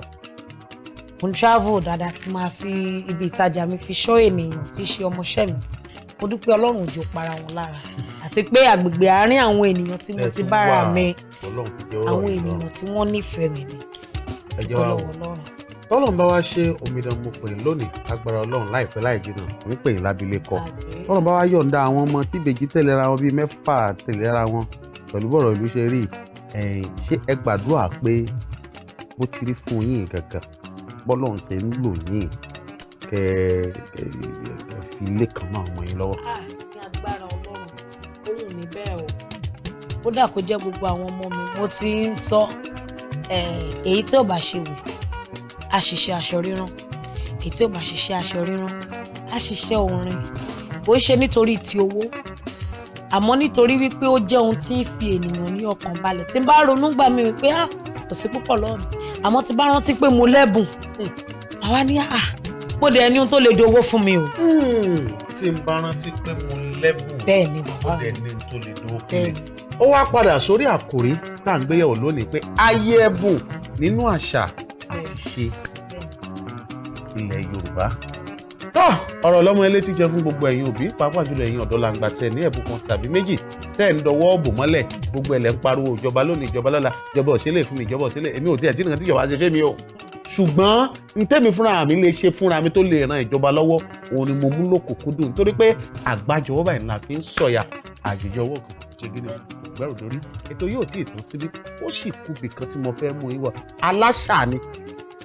mò ń travel dáadáa tí máa fi ibi ìtajà mi fi ṣọ́ ènìyàn tí í ṣe ọmọṣẹ́ mi mo dúpẹ́ ọlọ́run òjò para wọn lára àti pé àgbègbè àárín àwọn ènìyàn tí mo ti bára mi àwọn ènìyàn tí wọ́n nífẹ̀ẹ́ mi ni dúpẹ́ ọlọ́run tọ́lọ̀ ń bá wa ṣe omidan mo pè ń lónìí agbára ọlọ́run láìpẹ́ láì jìnnà ń pè ń lábílẹ̀kọ tọ́lọ̀ ń bá wa yọ̀ǹda àwọn ọmọ tí ìbejì tẹ̀léra wọn bíi mẹ́fà tẹ̀léra wọn pẹ̀lú bọ̀rọ̀ ìlú ṣe rí ṣé ẹ gbàdúrà pé bó ti rí fún yín kankan bọ́lọ̀ ń ṣe ń lò yín kẹ ẹ fi ilé náà mọ́ yín lọ́wọ́. Ah, agbára ọlọ́run o kódà kó jẹ́ gbogbo àwọn ọmọ mi mo ti ń sọ èyí tí ò bá ṣe wù a ṣiṣẹ́ aṣọ rírán èyí tí ó bá ṣiṣẹ́ aṣọ rírán a ṣiṣẹ́ orin kò ń ṣe nítorí ti owó àmọ́ nítorí wípé ó jẹ́ ohun tí ń fi ènìyàn ní ọkàn balẹ̀ tí n bá ronú gbà mí wípé ah kò sí púpọ̀ lọ́ọ̀nù àmọ́ tí bá rántí pé mo lẹ́bùn hmm, àwa ní àà ah, ah, mo dẹ̀ ní ohun tó lè di owó fún mi o. Hmm, tí n bá rántí pé mo lẹ́bùn bẹ́ẹ̀ ni bàbá mi ní ohun tó lè di owó fún mi. ó wá padà sórí àkòrí tá à ń gbéyẹ̀wò lónìí pé ayé ẹ̀bùn nínú àṣà ṣe ilẹ̀ Yorùbá tó ọ̀rọ̀ lọ́mọ elétí jẹ́ fún gbogbo ẹ̀yin òbí pàápàá jùlọ ẹ̀yin ọ̀dọ́ làǹgbà tẹ̀ ní ẹ̀bùn kan tàbí méjì tẹ́ ń dọwọ́ bò mọ́lẹ̀ gbogbo ẹ̀lẹ́ ń pariwo ìjọba lónìí ìjọba lọ́la ìjọba òṣèlè fún mi ìjọba òṣèlè èmi ò tiẹ̀ tí nìkan tí ìjọba ṣe fẹ́ mi o ṣùgbọ́n n tẹ́mi fúnra mi lè ṣe fúnra mi tó lè ran ìjọba lọ́wọ́ òun ni mo mú lókùnkúndùn nítorí pé àgbájọwọ́ báyìí la fi ń sọ̀yà àjèjọ ọwọ́ kan ṣe gíní gbẹ́rù lórí ètò yóò tí ì tán síbí ó sì kú bìkan tí mo fẹ́ mú yín aláṣà ni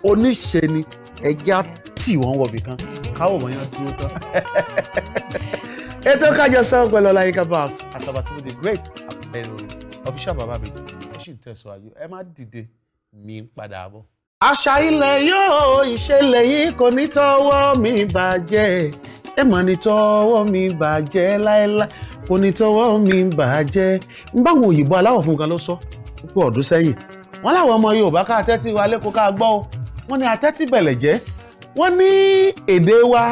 oníṣe ni ẹja tì wọ́n wọ̀bì kan káwọ̀ wọ́n yẹn dúró tán. ètò Kájọsọ pẹ̀lú ọláyínká babs àtàbàtúbú the great abẹ́rẹ́ official bàbá mi ó sì ń tẹ̀síwájú ẹ má dìde mi ń padà bọ̀. àṣà ilẹ̀ yóò ìṣẹ̀lẹ̀ yìí kò ní tọwọ́ mi bàjẹ́ ẹ mọ̀ ní tọwọ́ mi bàjẹ́ láéláé kò ní tọwọ́ mi bàjẹ́ ń báwọn òyìnbó aláwọ̀ funfun kan ló sọ púpọ̀ ọdún sẹ́yìn wọ́n láwọn ọmọ Yorùbá ká tẹ́tí wa lẹ́kọ̀ọ́ ká gbọ́ o wọ́n ní atẹ́tìbẹ̀lẹ̀ jẹ́ wọ́n ní èdè wa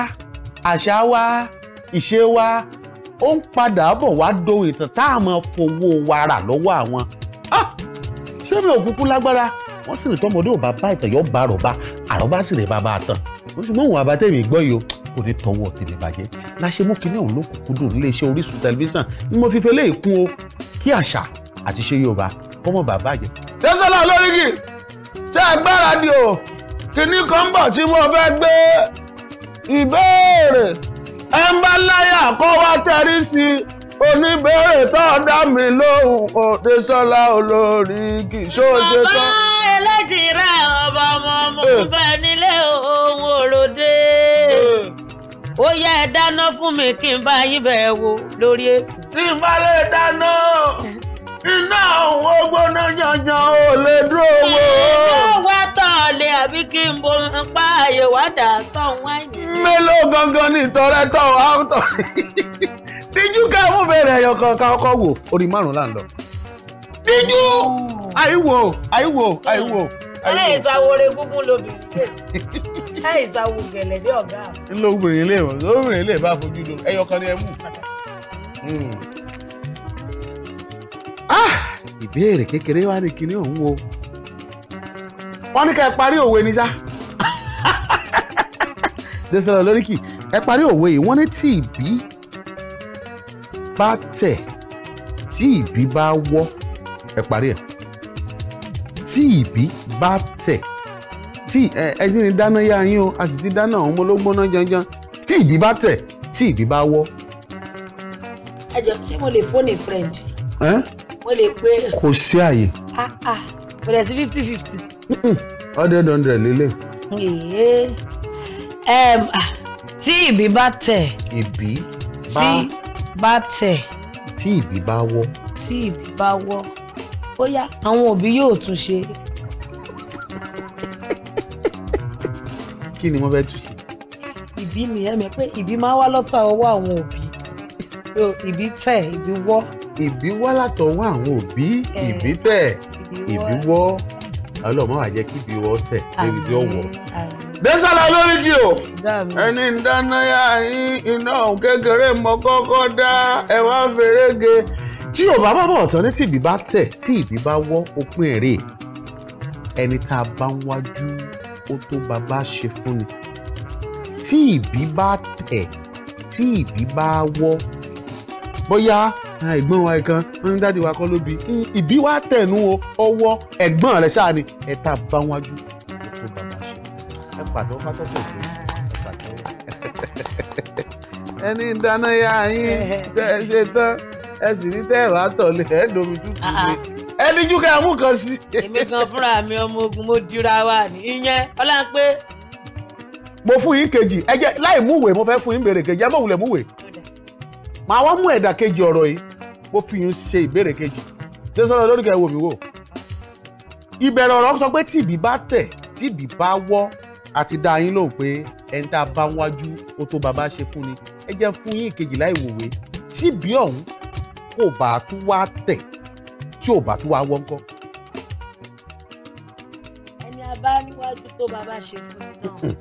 àṣà wa ìṣe wa ó ń padà bọ̀ wá dohun ìtàn tá a máa fowó wa rà lọ́wọ́ àwọn ah! ṣé mi ò kúkú lágbára wọ́n sì ní tọ́mọdé ò bá bá ìtàn yóò bá àròbá àròbá sì lè bá bá a tàn ṣùgbọ́n òun àbátẹ́mi gbọ́ yìí o kò ní tọwọ́ tèmi bàjẹ́ láṣẹ mú kinní ọ̀hún ló kúkú dùn níléeṣẹ́ Orísun tẹlifíṣàn ni mo fi fẹlẹ́ ìkún o kí àṣà àti ṣe Yorùbá kọ́mọ bàbá jẹ. tẹ́sán náà lórí kì í o kíní kan bọ̀ tí mo fẹ́ gbé ìbéèrè ẹ ń bá láyà kó wá tẹrí sí i oníbéèrè tó dá mi lóhùn òde sọlá olórí kì í ṣó ṣe tán. bàbá ẹlẹ́jìnrà ọmọ ọmọ mo bẹ eh. nílé ohun òròde eh. ó yá ẹ dáná fún mi kí n bá yín bẹ̀ wò lórí èkó. tí n bá lè dáná iná òun ó gbóná yanyan ò lè dúró wò ó. ìjọba lè àbí kí n bo pa àyè wá dà sọ̀hún àyè. mélòó gangan ni ìtọ́rẹ́ tọ̀ áwùtọ̀ díjú ká mú bẹ̀rẹ̀ ẹ̀yọ̀ kankan ọkọ̀ wò orí márùn-ún là ń lọ. díjú àìwò àìwò àìwò. ọlẹ́ ìsàwọ̀rẹ́ gúngún lobìnrin lè ìsàwọ̀ gẹ̀lẹ̀ bí ọ̀gá. ńlọ obìnrin lè bá fojú lo ẹyọ kan ní ẹ hmm. ah! ìbéèrè kékeré wá ní kinní òun wo wọ́n ní ká ẹ parí òwe ni sá. dẹ́sẹ̀lẹ̀ lóríkì ẹ parí òwe yìí wọ́n ní tí ìbí bá tẹ̀ tí ìbí bá wọ́ ẹ parí ẹ̀ tí ìbí bá tẹ̀ tí ẹ̀yin ni dáná yá yín o a sì ti dáná àwọn ọmọ ológbó náà janjan tí ìbí bá tẹ̀ tí ìbí bá wọ́. ẹ jọ tí mo lè fóònù friend. mo lè pé. kò sí àyè. Ah, ah. kò dẹ̀ sí fifty fifty hundred hundred lélẹ̀. Ah, tí ìbí bá tẹ̀. ìbí bá bá tẹ̀. tí ìbí bá wọ́. tí ìbí bá wọ́ bóyá àwọn òbí yóò tún ṣe. kí ni wọ́n fẹ́ tún ṣe. ìbí nìyẹn mi pé ìbí máa wá lọ́tọ̀ ọwọ́ àwọn òbí ìbí tẹ̀ ìbí wọ́. ìbí wá látọwọ́ àwọn òbí ìbí tẹ̀ ìbí wọ́ ọlọ́mọ àjẹ́ kí ibi wọ́n tẹ̀ débi tí ó wọ̀. désàlà lórí di o ẹni ìdánáyà iná kékeré mọ kọ́kọ́ dá ẹ wá fèrègé. tí ò bá bá bọ̀ tán ní tí ìbí bá tẹ̀ tí ìbí bá wọ́ òpin èrè ẹni tá a bá ń wájú ó tó bàbá ṣe fún ni tí ìbí bá tẹ̀ tí ìbí bá wọ́ bóyá ẹ̀gbọ́n wa kan ń dáàdi wa kọ́ ló ìbí wa tẹ̀nu o ọwọ́ ẹ̀gbọ́n rẹ̀ ṣáà ni ẹ̀ ta bá wájú tó bàbá ṣe ẹ pàtó pátó kò ẹ pàtó. ẹni dáná ya yín ṣe tán ẹ sì ní tẹ́ ẹ ẹ domi tútù ṣe ẹ ní jù kẹ́ ẹ kan sí. èmi gan fúnra mi ọmọ ogun mo dira wa ní ìyẹn ọlá pé. mo fún yín kejì ẹ jẹ láì múwèé mo fẹ́ fún yín bèrè kejì ẹ mọ̀ wulẹ̀ múwèé màá wá mú ẹ̀dà kejì ọ̀rọ̀ yìí mo fi yín ṣe ìbéèrè kejì tẹ́sán lórí kẹ́ ẹ wò mí wò. ìbẹ̀rẹ̀ ọ̀rọ̀ sọ pé tìbí bá tẹ̀ tìbí bá wọ́ àti dá yín lóhùn pé ẹni tá a bá wájú ó tó bàbá ṣe fún ni ẹ jẹ́ fún yín ìkejì láì wòwe tìbí ọ̀hún kò bá tún wá tẹ̀ tí ò bá tún wá wọ́ ńkọ́. ẹni a bá níwájú tó bàbá ṣe fún ni náà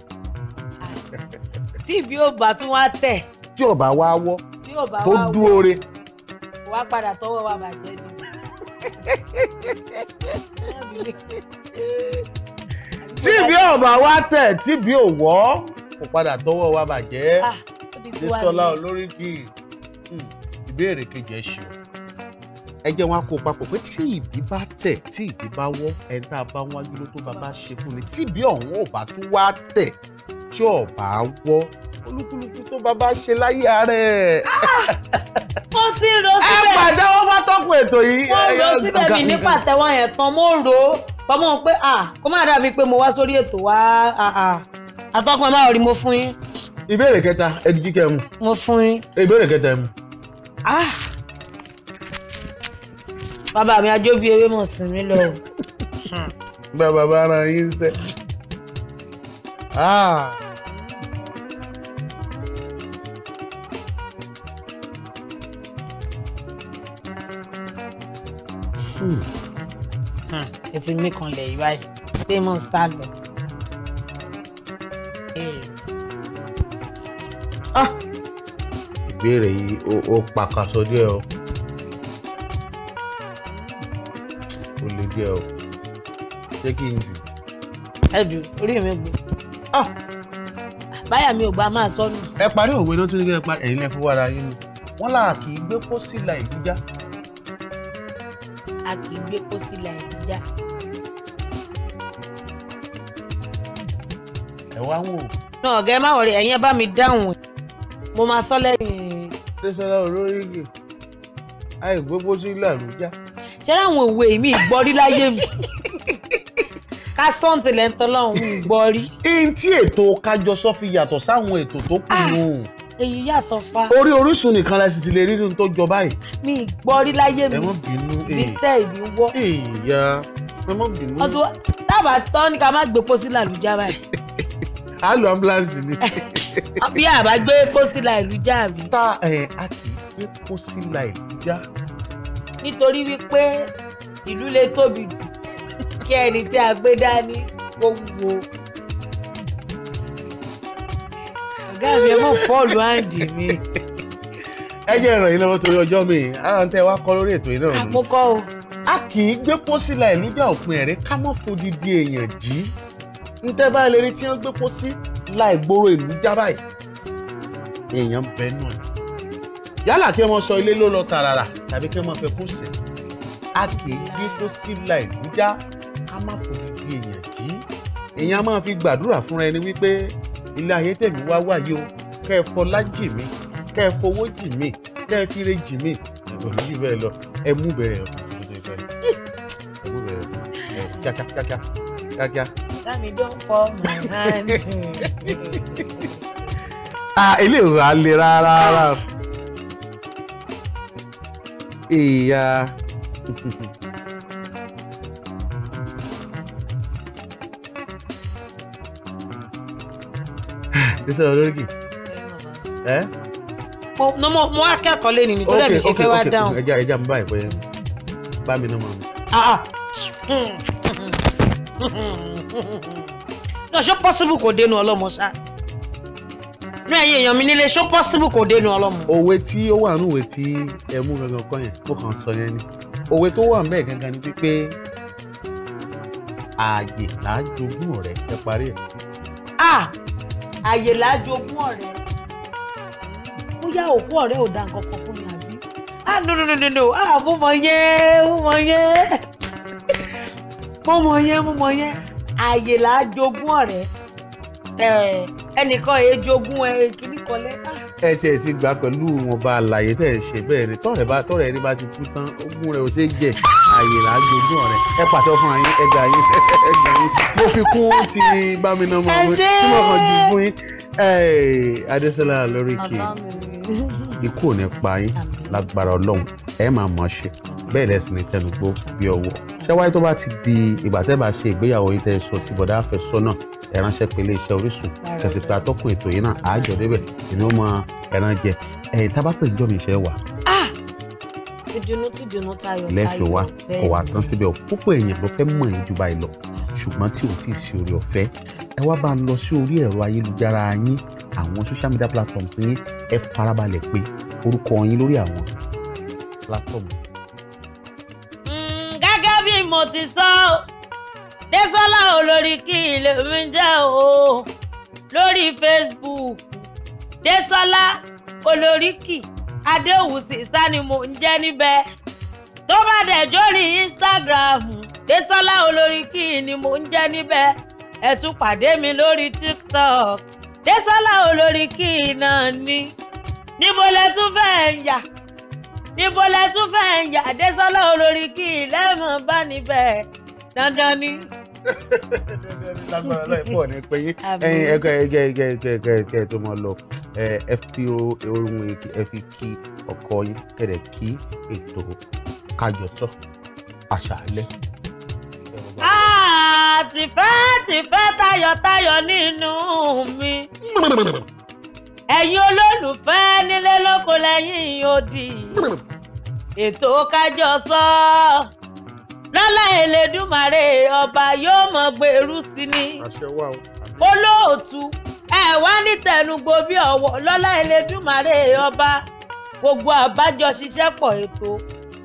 tìbí ò bá tún wá tẹ̀. tí ò bá wá wọ́ tí ò bá wá tó dúró re. wá padà tọwọ́ wa bàjẹ́ ni. tí ibi ọba wa tẹ̀ tí ibi ò wọ́ kò padà tọwọ́ wa bàjẹ́ ah, sísọlá olóríkì hmm, ìbéèrè kejì ẹ ṣeun ẹ jẹ́ wọn á kó papọ̀ pé tí ìbí bá tẹ̀ tí ìbí bá wọ́ ẹni tá a bá wájú ló tó bá bá ṣe fún ni tí ìbí ọ̀hún ò bá tún wá tẹ̀ tí ò wọ́ olúkúlùkù tó bá bá ṣe láyé ara ah! ẹ̀. mo ti ro síbẹ̀. ẹ pàdé wọn bá tọkùn ètò yìí. mo ro síbẹ̀ mi ní pàtẹ́wọ́ yẹn tán mo rò ó bàbá wọn pé ah kó má dàbí pé mo wá sórí ètò wá àtọkùn ẹ má rí mo fún yín. ìbéèrè kẹta ẹdí kíkẹ mu. mo fún yín. ìbéèrè kẹta ẹ mu. ah bàbá mi ajó bíi ewé mọ̀ sí mi lọ. Hmm. bàbá bá ara yín sẹ́. ah. ẹ hmm. hmm, ti mí kanlẹ̀ yìí báyìí ṣé mo ń sá lọ. Ah! ìbéèrè yìí ó pàkàṣọ díẹ̀ o ó lè díẹ̀ o ṣé kí n jù. ẹ jù orí mi gbó ah! báyà mi ò gbà máa sọnù. ẹ parí òwe ló tún ní kí ẹ parí ẹ̀yin lẹ fún wàrà yín ni wọ́n là kì í gbé pósí la ìbújá a kì í gbépo sí nàìjíríà. ẹ wá wò. náà ọ̀gá ẹ má wọrí ẹ̀yin ẹ bá mi dáhùn mo máa sọ lẹ́yìn. tẹsánlá olórí yìí àì gbépo sí nàìjíríà. ṣé àwọn òwe mi gbọ́ rí láyé mi ká sọ́ǹtì lẹ́ńtọ́ lọ́hùn-ún gbọ́ rí. ẹni tí ètò kájọ sọ fi yàtọ̀ sáwọn ètò tó kù nù. Ah! èyí yàtọ̀ fa. orí Orísun nìkan la sì ti lè rí nínú tó jọ báyìí. mi gbọ́ rí láyé mi mi eh. tẹ́ ìbí wọ́. ìyá ẹ mọ bínú. ọtún tábà tán ni ká má gbé pósí làlùjá báyìí. a lo ambulance ni. bí a bá gbé pósí làlùjá mi. ta ẹ a ti gbé pósí làlùjá. nítorí wípé ìlú lè tóbi jù kí ẹni tí a gbé dání kó wúwo. ọ̀gá mi ẹ mọ̀ fọ́ọ̀lù áǹdì mi. ẹ jẹ́ ìràn yín lọ́wọ́ torí ọjọ́ mi ara tẹ́ wá kọ́ lórí ètò yìí náà. àkókò o. a kì í gbé pósí la ìlú já òpin ẹ̀rí ká mọ́ fodidi èèyàn jí ń tẹ́ bá ilé rí tí wọ́n gbé pósí la ìgboro ìlú já báyìí èèyàn bẹ́ẹ̀ náà yálà kí wọ́n sọ ilé ló lọ tààràrà tàbí kí wọ́n fẹ́ pósí a kì í gbé pósí la ìlú já ká má fodidi èèyàn jí èèyàn máa fi gbàdúrà fúnra ẹni wípé ilé ayé tèmi wá wáyé o kẹ́ ẹ fọlá jì mí kẹ́ ẹ fowó jì mí kẹ́ ẹ fire jì mí ìròyìn jù bẹ́ẹ̀ lọ ẹ mú bẹ̀rẹ̀ ọ̀kan ẹ mú bẹ̀rẹ̀ ọ̀kan kíákíá kíákíá kíákíá. dámi ló ń fọ mọ̀nánì. ilé ìrora le rárá. ìyá. iṣẹ́ rẹ lórí kì. ẹ. mo no mo mo wá kẹ́kọ̀ọ́ lé ní ni torí ẹ̀mí ṣe fẹ́ wá dáhùn. ẹja ẹja mi báyìí pé bá mi náà mọ. náà ṣó possible kò dénú ọlọ́mọ ṣá ní ẹ̀yin èèyàn mi nílé ṣó possible kò dénú ọlọ́mọ. òwe tí ó wà nù òwe tí ẹ mú gangan kọ yẹn kó kàn sọ yẹn ni òwe tó wà ńbẹ̀ gangan ni wípé ààyè là á jogún ọ̀rẹ́ ẹ parí ẹ̀. Ah! àyè lájogún ọ̀rẹ́ bóyá òkú ọ̀rẹ́ ò dá nǹkan kan fún mi àbí ah no no no no no ah mo mọ yẹn mo mọ yẹn mo mọ yẹn mo mọ yẹn àyè lájogún ọ̀rẹ́ ẹnìkan èé jogún ẹ kíní kan lẹ́tà. Ah. ẹ ti ẹ ti gbà pẹ̀lú wọn bá àlàyé tẹ̀ ṣe bẹ́ẹ̀ ni tọ́rẹ̀ bá tọ́rẹ̀ ẹni bá ti kú tán ogún rẹ̀ ò ṣeé jẹ àyè là á jogún ọ̀rẹ́ ẹ pàtó fún ayé ẹ gbà yín ẹ mo fi kún ti báminà mọ mi tí mo kàn jù fún yín Adésọlá Lóríkì ikú ò ní pa yín lágbára Ọlọ́run ẹ máa mọ̀ ṣe bẹ́ẹ̀ lẹ́sìn ní tẹnugbó bí ọwọ́ ṣẹ́wáyé tó bá ti di ìgbà tẹ́ bá ṣe ìgbéyàwó yìí tẹ́ sọ ti bọ̀dá àfẹ́sọ́nà ẹ ránṣẹ́ pé iléeṣẹ́ Orísun kẹsì atọ́kùn ètò yìí náà àájọ débẹ̀ èmi mọ ẹran jẹ ẹ̀yìn tábàpẹ̀ ìjọ mi ṣe wà tìdùnnú tìdùnnú tayọ̀ tayọ̀ lẹ́fẹ̀ wá kò wá tán síbẹ̀ o púpọ̀ èèyàn ló fẹ́ mọ̀ yín ju báyìí lọ ṣùgbọ́n tí ò tí ì sí orí ọ̀fẹ́ ẹ wá bá ń lọ sí orí ẹ̀rọ ayélujára yín àwọn social media platforms yín ẹ farabalẹ̀ pé orúkọ yín lórí àwọn platform. Mm, gẹ́gẹ́ bí mo ti sọ Désọ́lá olórí kí ilé mi jẹ́ o lórí Facebook Désọ́lá olórí kì í adéwùsì sá ni mò ń jẹ́ níbẹ̀ tó bá dẹ̀ jórí instagram Desola olórí kí ni mò ń jẹ́ níbẹ̀ ẹ tún pàdé mi lórí tiktok Desola olórí kí náà ni níbo lẹ tún fẹ́ yà níbo lẹ tún fẹ́ yà désọ́lá olórí kí lẹ́mọ̀ bá níbẹ̀ dandan ni lágbára láì pọ̀ ní pé ẹyin ẹgbẹ́ ẹgbẹ́ ẹgbẹ́ ẹgbẹ́ ẹgbẹ́ ẹgbẹ́ tó mọ̀ lọ ẹ tìfẹ́ tìfẹ́ tayọ̀tayọ̀ nínú mi ẹ̀yin olólùfẹ́ nílé lóko lẹ́yìn odi ètò kájọsọ lọ́lá Elédùmarè ọba yóò mọ̀ gbèrú sí ni olóòtú ẹ wá ní tẹnugbó bí ọwọ́ lọ́lá Elédùmarè ọba gbogbo àbájọ ṣiṣẹ́ pọ̀ ètò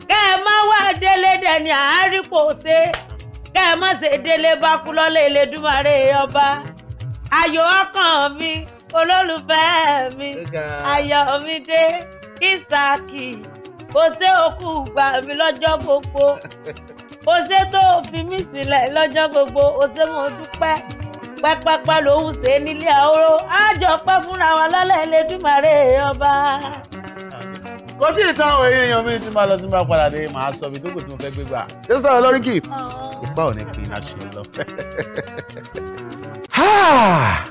kẹ́ ẹ má wá délé dẹni àárí kò ṣe kẹ́ ẹ má ṣe délé bá kú lọ́lá Elédùmarè ọba ayọ̀ ọkàn mi olólùfẹ́ mi ayọ̀ mi dé Ìsàkì kò ṣe òkú gbà mí lọ́jọ́ gbogbo. o ṣe tó o fi mí sílẹ̀ lọ́jọ́ gbogbo o ṣe mo dúpẹ́ pápápá lòún ṣe nílé àhóró àjọ pẹ́ fúnra wa lálẹ́ ilé bímọ̀rẹ́ ọba. kò tí ì tán àwọn èèyàn mi ti máa lọ sí máa padà dé màá sọ mi dókòtì mo fẹ́ gbé gbà ṣé sọ̀rọ̀ lórí kì oh. ipa ò ní fi iná ṣe lọ. Ah!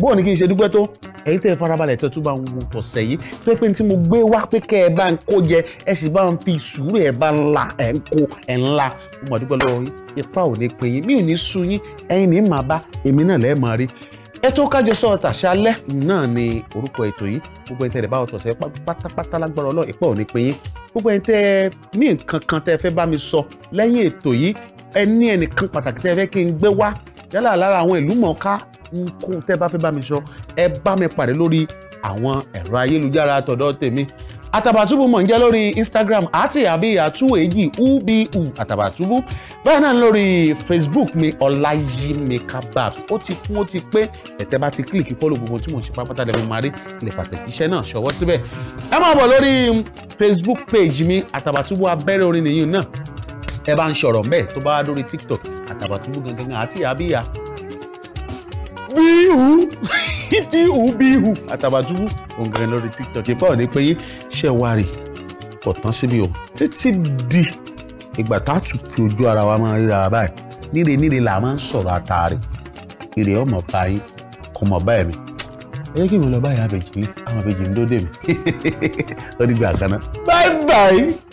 bóò ni kí n ṣe dúpẹ́ tó ẹ̀yin tẹ́ ẹ farabalẹ̀ tẹ́ tún bá ń wo tọ̀sẹ̀ yìí tó pé tí mo gbé wá pé kẹ́ ẹ bá ń kó jẹ ẹ sì bá ń fi sùúrù ẹ bá la ẹ ń kó ẹ ńlá mo mọ̀ dúpẹ́ lọ́wọ́ yín ipa ò ní pe yín mi ò ní sun yín ẹ̀yin ní màá bá èmi náà lẹ́ẹ̀ máa rí ètò Kájọsọ tàṣálẹ́ náà ni orúkọ ètò yìí gbogbo ẹni tẹ́ ẹ bá ọtọ̀ sẹ́ pátápátá lágbára Ọlọ́run ipa ò ní pe yín gbogbo ẹni tẹ́ ẹ ní nǹkan kan tẹ́ ẹ fẹ́ bá mi sọ lẹ́yìn ètò yìí ẹ ní ẹnìkan pàtàkì tẹ́ ẹ fẹ́ kí n gbé wá yálà lára àwọn ìlú mọ̀ọ́ká nǹkan tẹ́ bá fẹ́ bá mi sọ ẹ bá mi pàdé lórí àwọn ẹ̀rọ ayélujára tọ̀dọ̀ tèmi àtàbàtúbù mọ̀ ń jẹ́ lórí instagram àti àbí àtú èjì ubu àtàbàtúbù bẹ́ẹ̀ náà lórí facebook mi ọláyími kababs ó ti kún ó ti pé ẹ̀tẹ́ bá ti kílìkì fọ́lù gbogbo tí mò ń ṣe pápátá lẹ́mú marí lè pàtẹ́jíṣẹ́ náà ṣọwọ́ síbẹ̀ ẹ máa bọ̀ lórí facebook page mi àtàbàtúbù abẹ́rẹ́ orin nìyí náà tẹ́ bá ń sọ̀rọ̀ mbẹ́ tó bá lórí tiktok àtàbàtúbú gangan àti àbíyá bíhù bíhù bíhù àtàbàtúbú gangan lórí tiktok ìbáwọ̀ ni pé ṣé wàá rí kò tán síbi o títí di ìgbà tá a tún fi ojú ara wa máa ríra wa báyìí níre níre là máa ń sọ̀rọ̀ àtàrí ìrè ọmọ báyìí kò mọ̀ báyìí mi ẹ jẹ́ kí mi lọ báyìí àbèjì ní àwọn àbèjì ń dóde mi ó dìgbà kan náà bye bye.